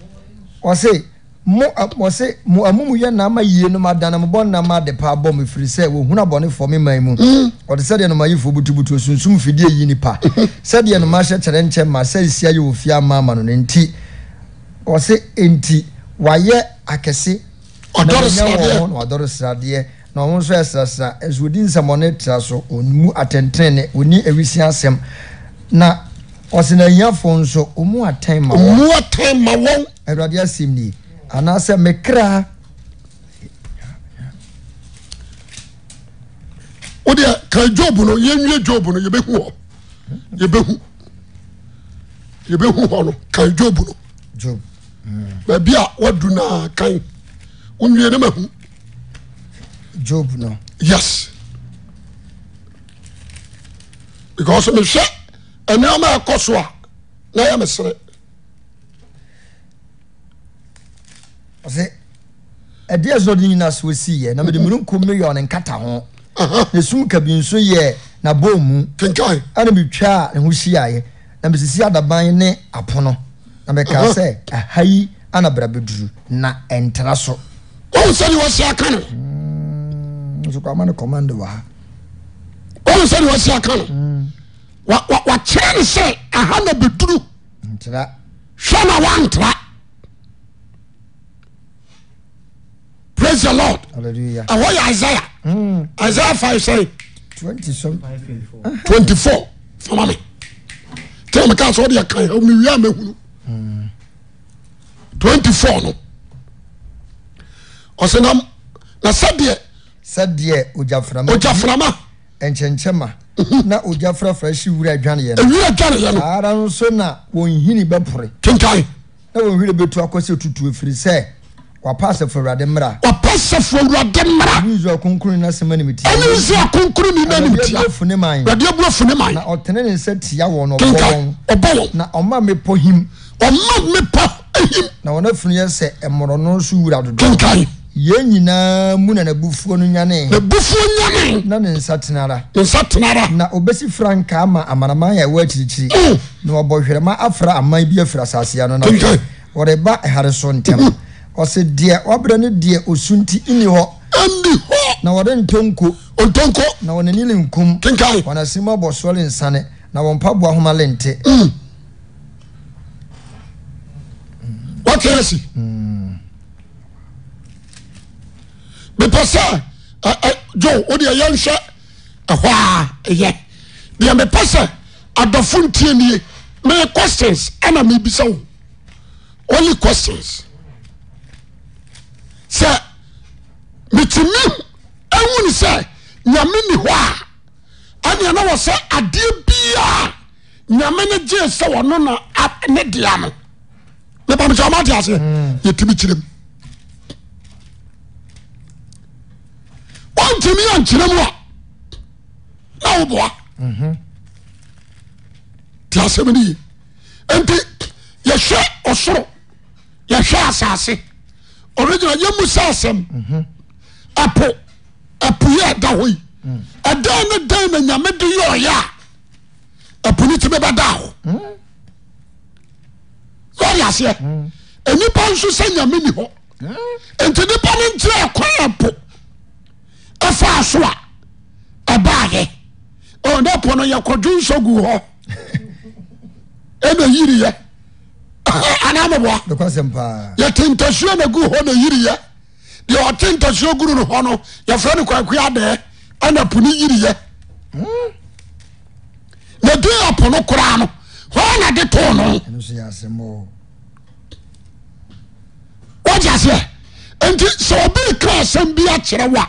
ɔse mo ɔse mo amumu yɛ na ama yie no ma dana mo bɔ nam ade pa abɔ mo firi sɛ wohunu abɔnefoɔ me man mu mhm. ɔte sɛdeɛ no mayifoɔ butubutu osunsum fidie yi nipa mhm. sɛdeɛ no mahyɛ kyerɛ nkyɛn ma sɛ esia yɛ ofie ama ama no ne nti ɔse nti wayɛ akɛse ɔdɔre sradeɛ na ɔmo nso ɛsrasra nso odi nsɛmɔne tra so onimu atɛntɛnne oni ewisi asɛm na ɔsi na enyafo nso ɔmo atɛn ma wɔn ɔmo atɛn ma wɔn awurade asɛm nie anaasɛ mekra. o de ka no yɛn nwie job no yɛbɛ hu hɔ yɛbɛ hu yɛbɛ hu hɔ no ka job no baabi a wadu naa kan onwie ne ma hu. job no. yes because mehwɛ ɛnneɛma ɛkɔ so a na yɛ mesere. ɔsɛ ɛdeɛ ɛsɛ ɔde nyinaa so esi yɛ na mɛde mmienu nkom no yɛ ɔne nkata ho na esum kabi nso yɛ n'abɔn mu ɛna bi twa ne ho hyia yɛ na mɛ sisi adaban ne apono na mɛ kaa sɛ aha yi ana bra bɛ duru na ɛntara so. sɛneasiakan wakyerɛ ne sɛ ahana bɛturu hwɛna wa ntra prase lordhɔyɛ isaia isia 5sɛ24deka24 ɔsnam mhm. na sɛdeɛ sɛdeɛ ogyaframa nkyɛnkyɛma na ogyafrafra hye wura adwaneɛ nowura adwaneɛ no ara nso na wɔnhini bɛpore kenkan na wɔnwerɛ bɛtu akɔ sɛ tutu ɛfiri sɛ wapasɛfo awurade mmra wapasɛfo awurade mmra ne nsu akonkron no asɛm anim tia ɛne nsu akonkron no anim tia fune man awurade abu afune man na ɔtene ne nsa tia wɔn ɔbɔ wɔn ɔbɔ wɔn na ɔma mepɔ him ɔma mepɔ him na wɔn afunu yɛ sɛ ɛmɔrɔ no nso wura dodo kenkan yɛn nyinaa mu na n'abufuo no nyane. n'abufuo nyane. na ne nsa tenara. nsa tenara. na obesi frankaa ama amanaman a ɛwɔ akyirikyiri. Mm. na ɔbɔ hwɛrɛma afra aman bi afiri asase ano na. ɔde ba ɛhare so ntɛm. Mm. ɔsi deɛ ɔbrɛ ne deɛ osu nti nni hɔ. ɛnni hɔ. na wɔde ntonko. ntonko. na wɔn ani linkum. kinkan. wɔn asima bɔ soɔ le nsane na wɔn mpaboa homa le nte. Mm. wɔkɛ ɛsi. pɛ sɛ jo wodeɛ yɛnhwɛ hɔ a yɛ deɛ mepɛ sɛ adɔfo ntienie me questions anamebisɛ wo only questions sɛ mekimem awune sɛ nyame ne hɔ a ɛneɛ ne wɔ sɛ adeɛ biaa nyame ne gyee sɛ wɔ no no ne dea no mbamek wmadeaseɛ yɛtimi kyerɛm ɔntimia nkyera mu a na woboa nti mhm. asɛm de yi nti yɛhwɛ ɔsoro yɛhwɛ asase origina yɛmu sɛasɛm mhm. poapoyɛ da hɔ yi mm. ɛdan no dan na nyamede yɔɔyɛ a apono timɛ bɛdaaho mm. areaseɛ mm. nipa nso sɛ nyameni hɔ ntinnip no nkyirɛ kra po ɛfaa so a ɔbaayɛ ɔna po no yɛkɔdwensɛ gu hɔ nayiriɛ anaboa yɛtentasuo nagu hɔ nayiriɛ deɛ ɔtentasuo guru n hɔ no yɛfrɛ no kwakaa adɛɛ na po no yiriɛ hmm? na di ɛpo no kora no hɔ na de too no wogya seɛ nti sɛ ɔbeɛ kra ɛsɛm bi a kyerɛ woa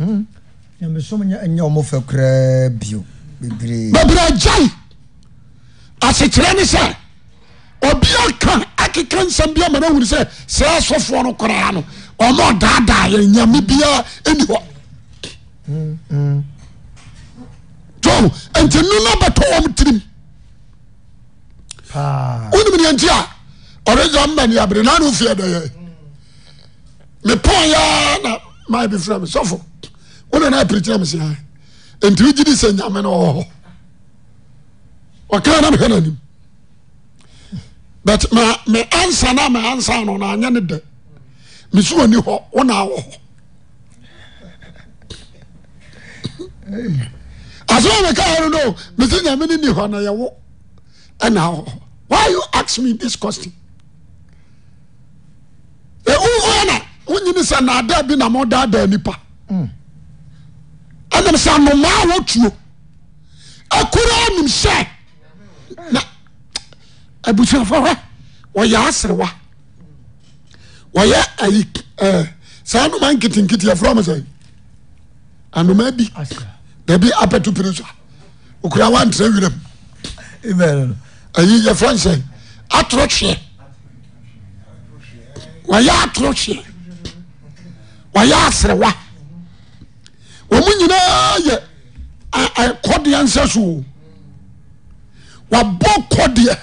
amso nyɛ omɔfa kraa biobɛbrɛ gyae asekyerɛ ne sɛ ɔbia ka akeka nsam bia mane wene sɛ serɛ sɔfoɔ no koraa no ɔma ɔdaada yɛ nyame bia di hɔ t nti no no bɛtɔ wɔm tirimwonimi neanti a ɔreza mma neabere nanewofiɛ dɛyɛ mepɔ yɛ na mabeframe sɔfo isɛ yahnaanuesshnhamnnhnhis s na oyeni sɛnada bnamodada nipa anam sɛ anomaa wo tuo akoronim sɛn abusafo he woye aserewa woyɛ ayi sa anoma nketinkete aforo me se anoma adi baabi apetu piri sa okora wa ntira werem ayiyefonse atorotee wy atorotee wye aserewa wɔ mo nyinaa yɛ kɔdeɛ nsɛ soo waabɔ kɔdeɛ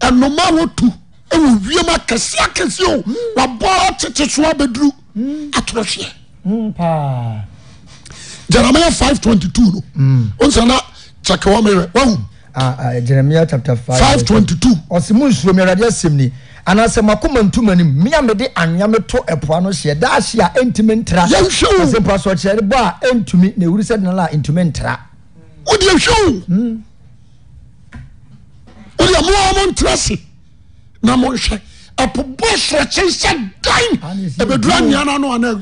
ɛnoma hɔ tu wɔ wiam akɛseɛ kɛseɛ o wabɔ kyekyesoa abɛduru atorɔhweɛ yeremia 522 n sana kyɛke wameɛ rmia 5522 s mu nsuomi awuradeɛ asɛmni anasɛ makoma ntum anim meamede ahwea meto poa no hyeɛ daahye a ɛntimi ntraspsɔkyɛrebɔ a ɛntumi nwur sɛdnala a ntumi ntrawodem hmm. ntrse namohwɛ bɔ serɛkyehyɛ abduanan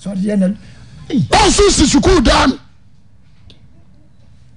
dwɔɔnanasosi suku daan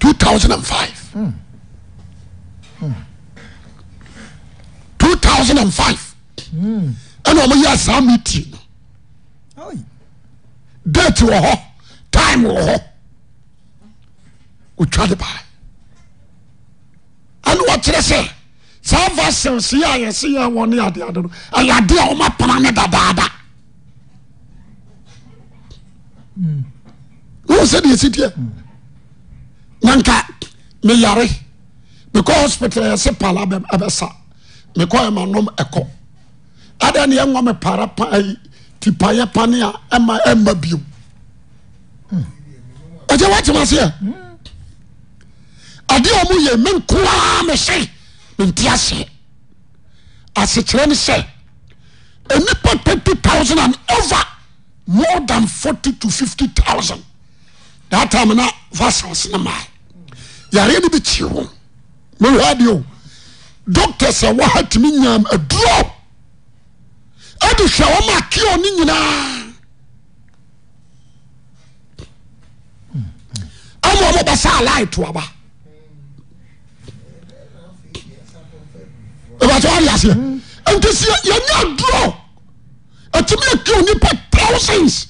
52005 ɛne ɔmayɛ saa metin dat wɔ hɔ timewɔ hɔ wadeba ane wɔkyerɛ sɛ saa va sɛm se yɛ ayɛseyɛ wɔ ne yɛdeadoo ayɛ ade a womapana no dadaada ew sɛdeɛsidiɛ nanka meyare because hospital yɛse pal abɛsa mekɛma nom ɛko adene yɛwa mepara pa tipayɛ panea ma biom ja wademaseya adeom ye menkoraa mese menteaseɛ asekyerɛ ne sɛ anipa 30 t000 an ove more than 40 to 50 t000 hatamena vasasenema yari nebitsio meeadio doctor se waha timi nyam aduo edutawo ma kio ne nyina amomobasa alai toaba ebatariasie entisee yenya aduo atimiakio nipe tousands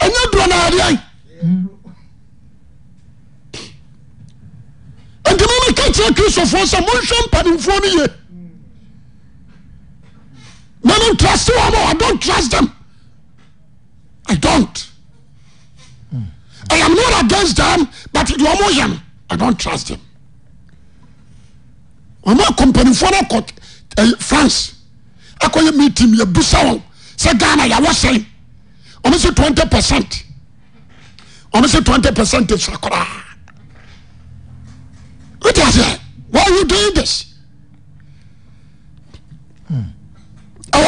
anya duronaadia ntimɛmokakeɛ khristofoɔ sɛ monhwɛ panifoɔ no yɛ manotrust ɔ idɔn trus em i dɔnt hmm. am nɔ agains dam but ɔmɔhɛn idɔn trusm ɔma kompanifoɔ no eh, kɔ franse akɔyɛ meetim yabusa wɔ sɛ gana yɛwɔ sɛ ɔme sɛ 20 pecent ɔme s 20 pecent saraa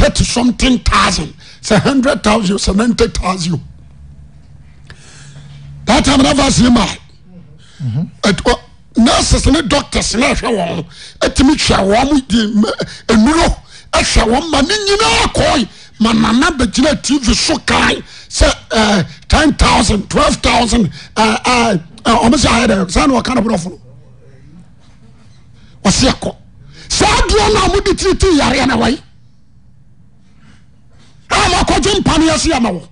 s 000s000nsesne dctsne hɛ timi tawomnuo ha woma ne yina kɔ manana bagina tv so ka sɛ00002000sadn mde tiniti yrnw amakɔgye mpa no yɛse ama wo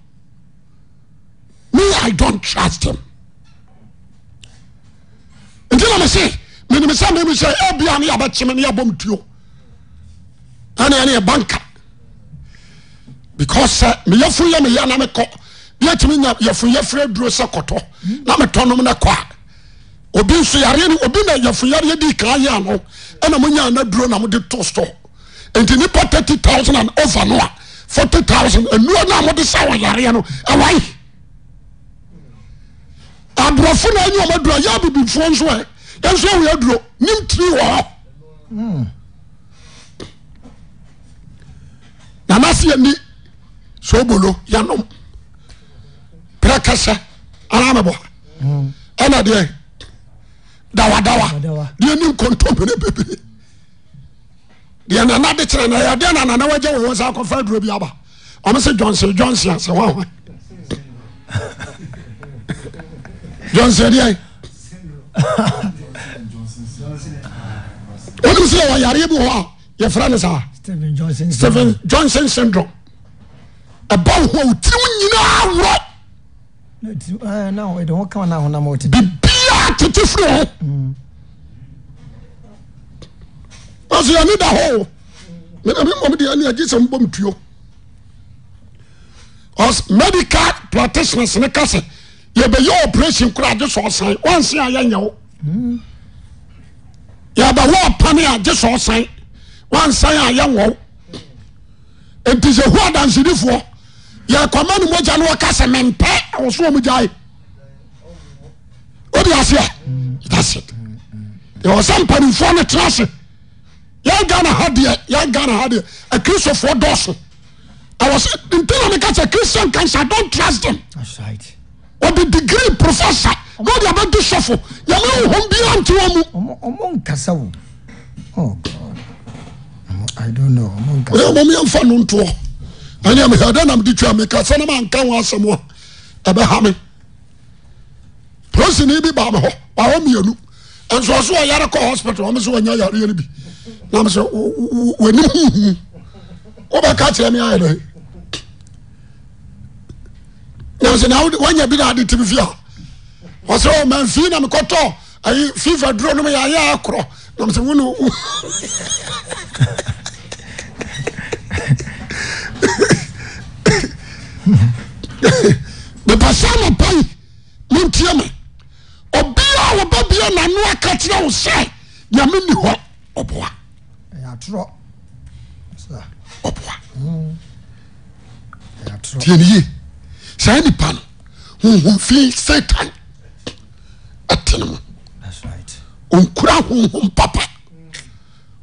me i don't trust him nti na mese menim sɛ memu sɛ abia ne yɛbɛkyeme ni yɛbɔm tuo ani ɛne yɛbanka because sɛ meyɛfuru yɛ meyɛ na mekɔ biatumi nya yɛfuyɛfrɛ duro sɛ kɔtɔ na metɔnom no kɔ a obi nso yareɛ no obi na yɛfuyareɛ di kaa yɛ ano ɛna monyaa na duro na di to store nti nipa 30 thousand and over noa. 0000 anua no mode sa wa yareɛ no ɛwai aborɔfo na ayiamaduro a yɛ bubifo nso ɛnso ɛweyɛduro nim tire wɔɔ nanase yani sɛ obolo yɛnom prekasɛ anamɛbɔa mm. ɛna deɛ dawadawa deɛ nim contopine bebe nnn wagyawwɔ s kfa durɔ b b ɔmsɛ jnsjns sɛ hhjnsd wone sɛ yɛwɔ yareɛ b hɔ a yɛfrɛ ne saa johnson syndro ɛbaohoawo tirew yinaa worɔbebia tete foroho ndahngsɛmedical platines ɛpatn aessɛɛɛae ss syɛnhdnoɛaneɛsgɛpafone tease rfso christian coseo tuse e degree professorde sefo aa ho iantm sial nas wnim wobɛka terɛ me a wnya bindetimifi safi na ekfever drnoɛyɛkorɔ epɛsa nopai montieme obia wɔba bia nanoaka terɛ wo sɛi yame nihɔ ɔboa tianyi sa nipa no homhomfii satan teno mu ɔnkura homhom papa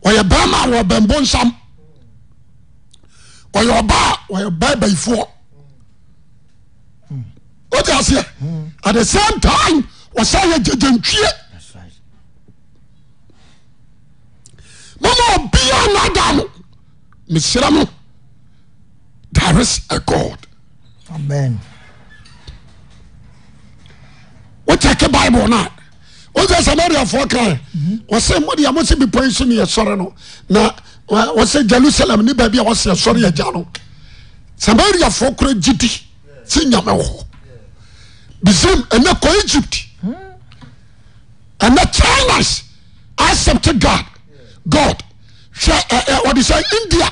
ɔyɛ barimaa wɔbɛnbonsam mm. mm. yɛ ɔɛba baifoɔ aseɛ a the sam ti ɔsɛ yɛgyegyantwe mamaɔbia naada no mesirɛ mo tares agod wokɛke bible noa osa samariafoɔ kra ɔsɛ modea mosɛ bipai so neɛsɔre no na wɔsɛ jerusalem ne baabi a wɔseɛsɔre agya no samariafoɔ kora gyidi sɛ nyamewhɔ bisem ɛnɛ kɔ egypt hmm. ɛnɛ tranic accept god god hwɛ ɔde sɛ india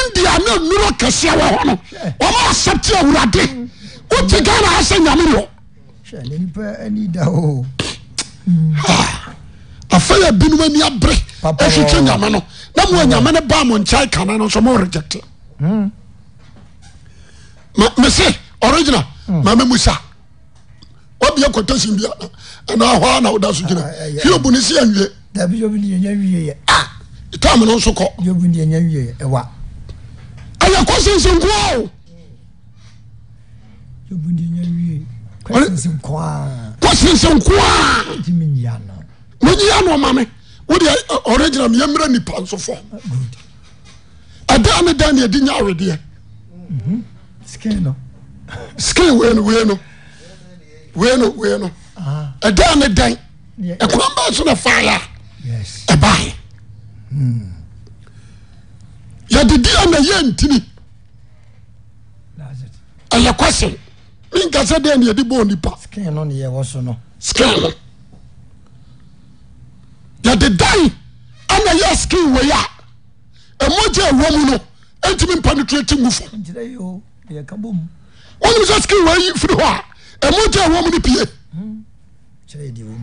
india na nuro kɛsiɛ wɔhɔ no ɔmaasɛte awurade woti kanaasɛ nyameyɔ afay abinomanibere ɛhwikɛ nyame no na moanyame no ba mɔ nkyae kane nɛe hmm. mese original hmm. mamamu sa deɛktasim bɛnhɔnawoginahɔbn saie dabi jobu ni yɛnyɛ wie yɛ. a ah! tɔɔmu no kɔ. jobu ni yɛnyɛ wie yɛ ɛwa. ɛyɛ kɔ sɛnsɛn kɔ o. ni yɛnyɛ wie kɔ sɛnsɛn kɔ kɔ sɛnsɛn kɔ a. mi nyi ano. mo nyi ano maame o de eh, ɔrɛ eh, gyina mi yɛ mmerɛ nipa nso fɔ. ɛdan ne dan deɛ di nya awedeɛ. Mm-hmm. skin no. skin wei no wei no ɛdan ne ah. dan ɛkura e mbaa so na faaya. ɛba yɛdede ana yɛ ntini ɛyɛkose menkasɛ dɛn ne yɛde bɔni paskin no yɛdedan ana yɛ skin wei a ɔmɔgya ɛwɔ mu no ɛntumi mpa no terɛkyimmu fo wonom sɛ skin wei yi firi hɔ a ɛmɔgya e wɔ mu no pie hmm.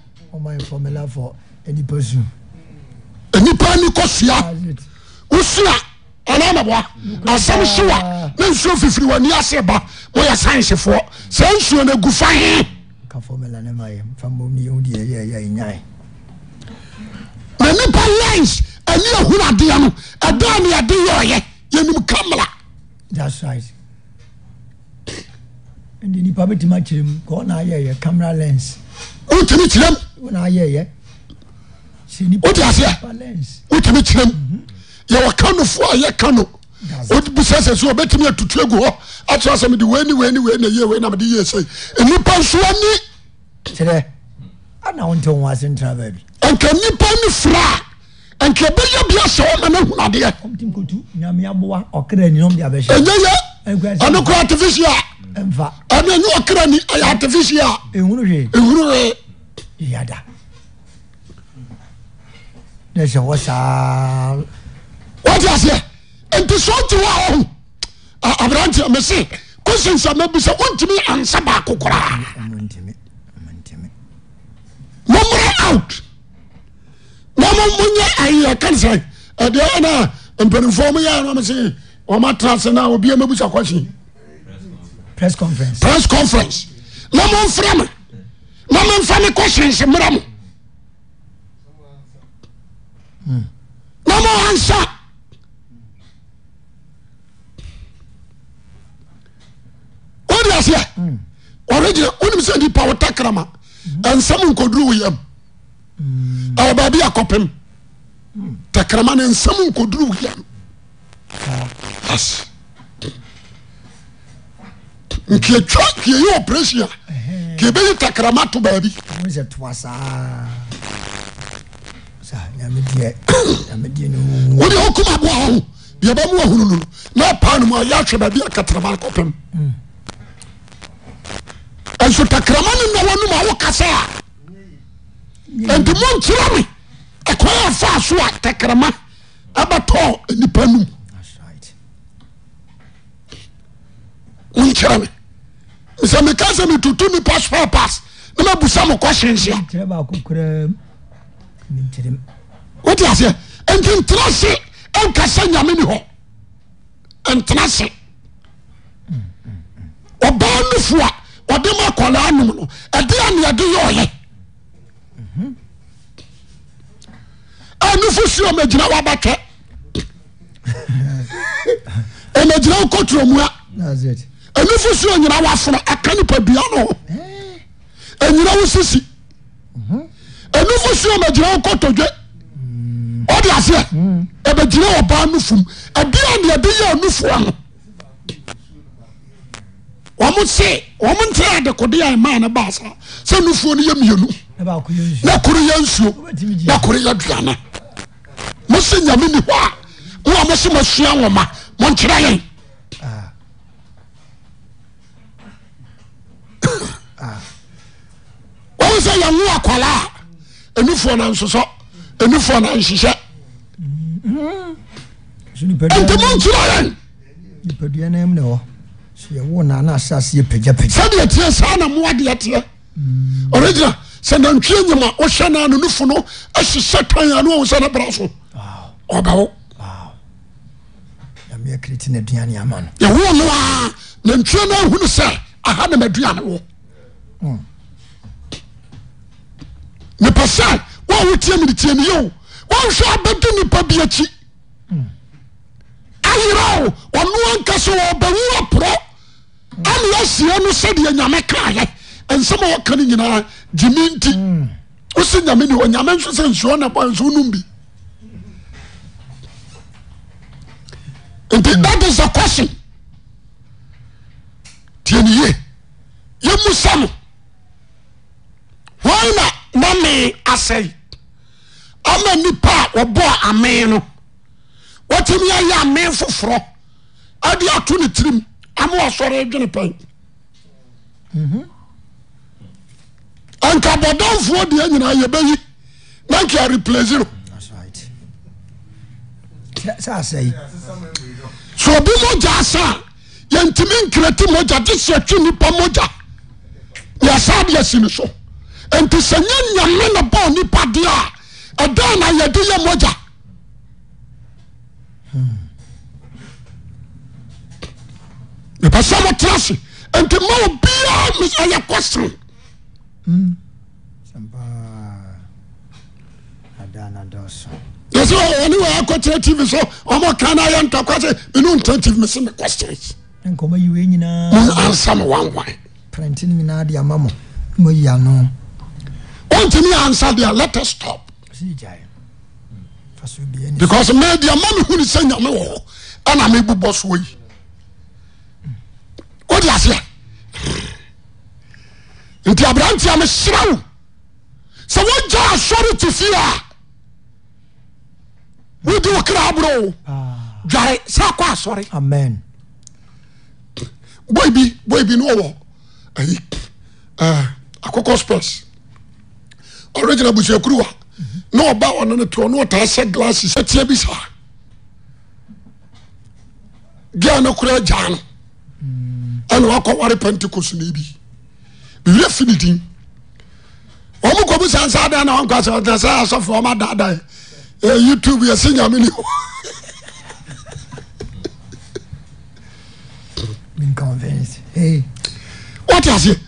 nipa ni kɔ sua wosua ɛna maboa asɛm hyewa ne nsuo fifiri wɔ ni ase ba woyɛ sayansifoɔ saa nsuo no gu fa he na nipa lines ani ahunu adeɛ no ɛdaa ne yɛde yɛ ɔyɛ yɛnim kamla omi kerawoeseɛ wotmi kyera yɛw kanofo ayɛ kanosɛseso obɛtumi atutgu hɔ eɛmde nipa sani nka nipa ni fra nka bɛyɛ biasɛ womamahuadeɛnaefea ne ɔkrani yɛtefisia hre watasɛ nte sontewa abrantmese kosensa masa ontimi ansa bakokoraa momra out n moyɛ ayyɛkan sɛ ɛdeɛna mpanifo moyɛnamse omatrase na obiamabusa kse press conference na momframe namomfamekosensemeramo namoansa wdas regina oni sndi pawo takrama ansam nkoduruyam awbaabi akopem takrama ne ansɛm nkoduruw am nta ypreia kbeyi tekramato baadh amah npa nm bakataramakm so tekrama ne nwanm awo kasaa nti monkira me koyfa soa tekrama abat nipa nu nkyirame sɛ meka sɛ metotomi passpo pass na mabu sa mokɔhyenseawɛ ntintena se nkasɛ nyamene hɔ ntena se ɔbaa nufo a ɔde ma akɔlaa nom no ɛde aneade yɛɔyɛ anufo so ɔmagyina woabatwɛ magyina wokɔtromua anfosuo nyina wofora akanipa ban anyina wo sisi anfosuagyira wokdwe de asɛ bɛgyira ba no fom iadeyɛ nfan ntrɛdekoaa as sɛnfuo no yɛmn ne kryɛ nsuonakro yɛduane mose nyameni hɔ a wa oseasua womaonkerɛy ɔhu sɛ yɛwoakwala a ɛnufo nonsosɔ nufo nonhyehyɛntɛmo nkira rensɛdeɛteɛsaa na moa deɛ teɛ rgina sɛ nantwia nnyima ohyɛ neanonofo no hyesyɛ twaanoawo sɛnobra so ɔbawoyɛwoo no a nantwua no ahunu sɛ aha namaduane wo nepɛ sɛ wawotiamietianyɛo wahwɛ abɛdi nnepa biakyi ayerɛ o ɔnoa nkɛsɛ wɔbawu aporɔ ameasiɛ no sɛdeɛ nyame kayɛ ɛnsɛma wka no nyinaa gyeninti wos nyamennyame sɛnsunson b nttaisɛso nye yɛmu sa no asɛe ama nnipa a wɔbɔɔ ame no wɔtumi ayɛ ame foforɔ ade ato ne tirim ama wɔsɔre dwene pɛn anka bɔdamfoɔ deɛ nyinaa yɛbɛyi na nka replace no sɛ obi mogya asa a yɛntimi nkrati mogya de sɛ twe nnipa mogya neasa deɛ si no so nt sɛyenyame hmm. hmm. no bɔ nipadeɛ a ɛdanayɛde yɛ mɔgya pɛsɛ moterase nti mao bia mayɛ kosensɛne waakoterativ so ɔmakana yɛ ntakase meno ntatiemsemeesns seoaudmamhunsenyame anamebobo syi desia nt brantiameserao sɛwoya asre tesia wodokrabro war sɛkɔsre ob nw acocospes origina busakurowa ne ɔba wɔnene tone ɔtaasɛ glasses ɛtia bisaa gia na kora gya no anewakɔ ware panti kosoneibi bere finidin ɔ mokɔmu sansa da na wankastsɛsɛfo omada da e, youtube yɛse nyamene wateaseɛ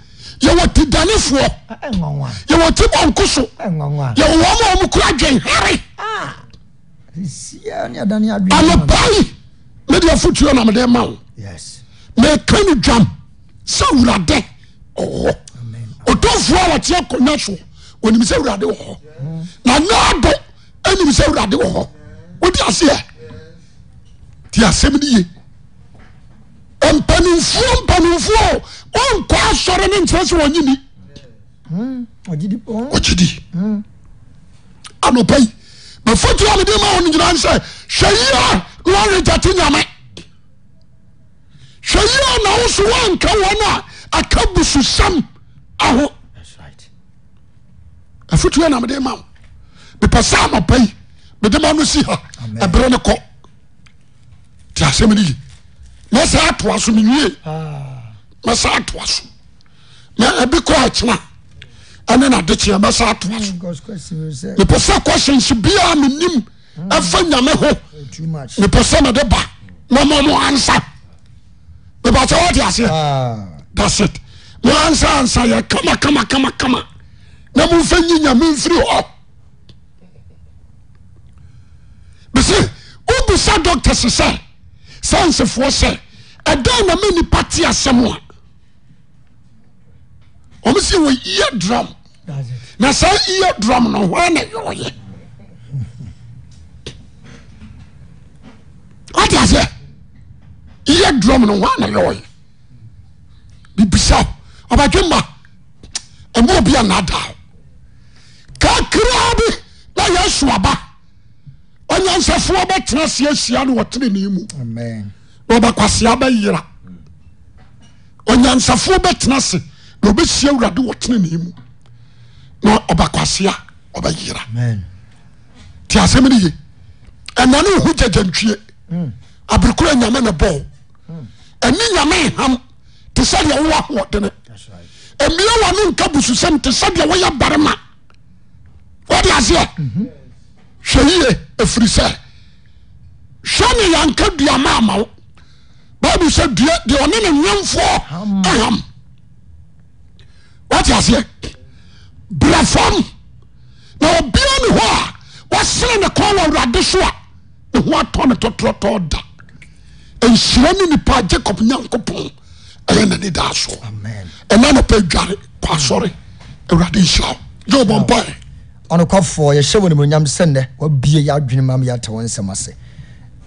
yɛwɔ te danefoɔ yɛwɔ tebɔnko so yɛwɔwo ma ɔmkora dwen hare amabai medeɛ fotunomede ma wo meka no dwam sɛ wurade ɔhɔ ɔtofoɔ awɔtea konaso ɔnim sɛ wrade wɔhɔ na nɛado anim sɛ wurade wɔhɔ wodiaseyɛ tiasɛm nye mpanimfuo mpanimfuo ankɔasɔre ne nkyerɛ sɛ wɔ nyeni ogidi anpai bɛfatu a mede ma o nenyinansɛ hwɛyia norejate nyame hwɛyia nawoso wanka wana aka busu sam aho bɛfatuana mede ma bepɛsɛ mapai bedema no si ha ɛbere ne kɔ tasɛn mɛsɛ atoa so menie ah. mɛsɛ atoa so m abikɔ akyema ɛnenadekɛ mɛsɛ atoasonp sɛ kosense biaa mennim afa hmm. nyame honep sɛ mede ba m ah. mo ansa ɛɛfyi yamemfiri bsɛ wo sa dc se sɛ sansefoɔ sɛ ɛdan na ma nnipa te asɛm a ɔm sɛ wɔ yɛ drum na saa yɛ drum no na ana yɛɔyɛ ɔte asɛ yɛ drum no hɔ ana yɛɔyɛ bibisa ɔbɛdwe ma ɛma obi anaadaa kakraa bi na yɛ soaba ɔnyansafoɔ bɛtena seasia no wɔtene ne mu ɔbakwasea bɛyera yansafoɔ bɛtena ase e bɛsie wradeennem nbawaseaɛerasɛmreye ɛnaneho yaantweabrranyani mm. yameham te sɛde wohod mio wano nka bususɛ te sɛdeɛ woyɛ bare ma de aseɛ mm-hmm. hwɛyie ɛfiri sɛ hwɛ ne yanka duamaama wo bible sɛ deɛ ɔne ne wmfoɔa wate aseɛ brɛfam na ɔbiaa ne hɔ a wosene ne kɔ wɔ awurade so a ne ho atɔno tɔtrɔtɔ da nhyira no nipa jacob nyankopɔn ɛyɛnanidaso ɛnanɔpɛ dware ɔasɔre wre nhyabɔp ɔnkfoɔ yɛhyɛ wɔ nemuonyam sɛnɛ wabie yɛ adwenemamyɛata wo nsɛm asɛ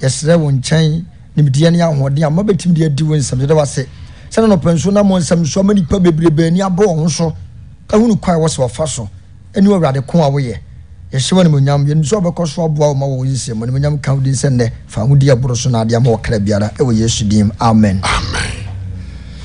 yɛserɛ wo nkyɛn nimdeɛ ne ahoɔden a mabɛtumi de adi wo nsɛm sɛdɛ wase sɛne nɔpɛ nso na mɔ nsɛm so ama nipa bebrebe ani abɔ ɔho so ka hu no wɔ sɛ wɔfa so ɛne awurade ko a woyɛ yɛhyɛ wo animonyam yɛnim sɛ wobɛkɔ so aboa wo ma wɔ wo nsiamu animonyam ka wo sɛ nnɛ fa ho aboro so na adeɛ ma wɔkra biara ɛwɔ yesu dim amen, amen.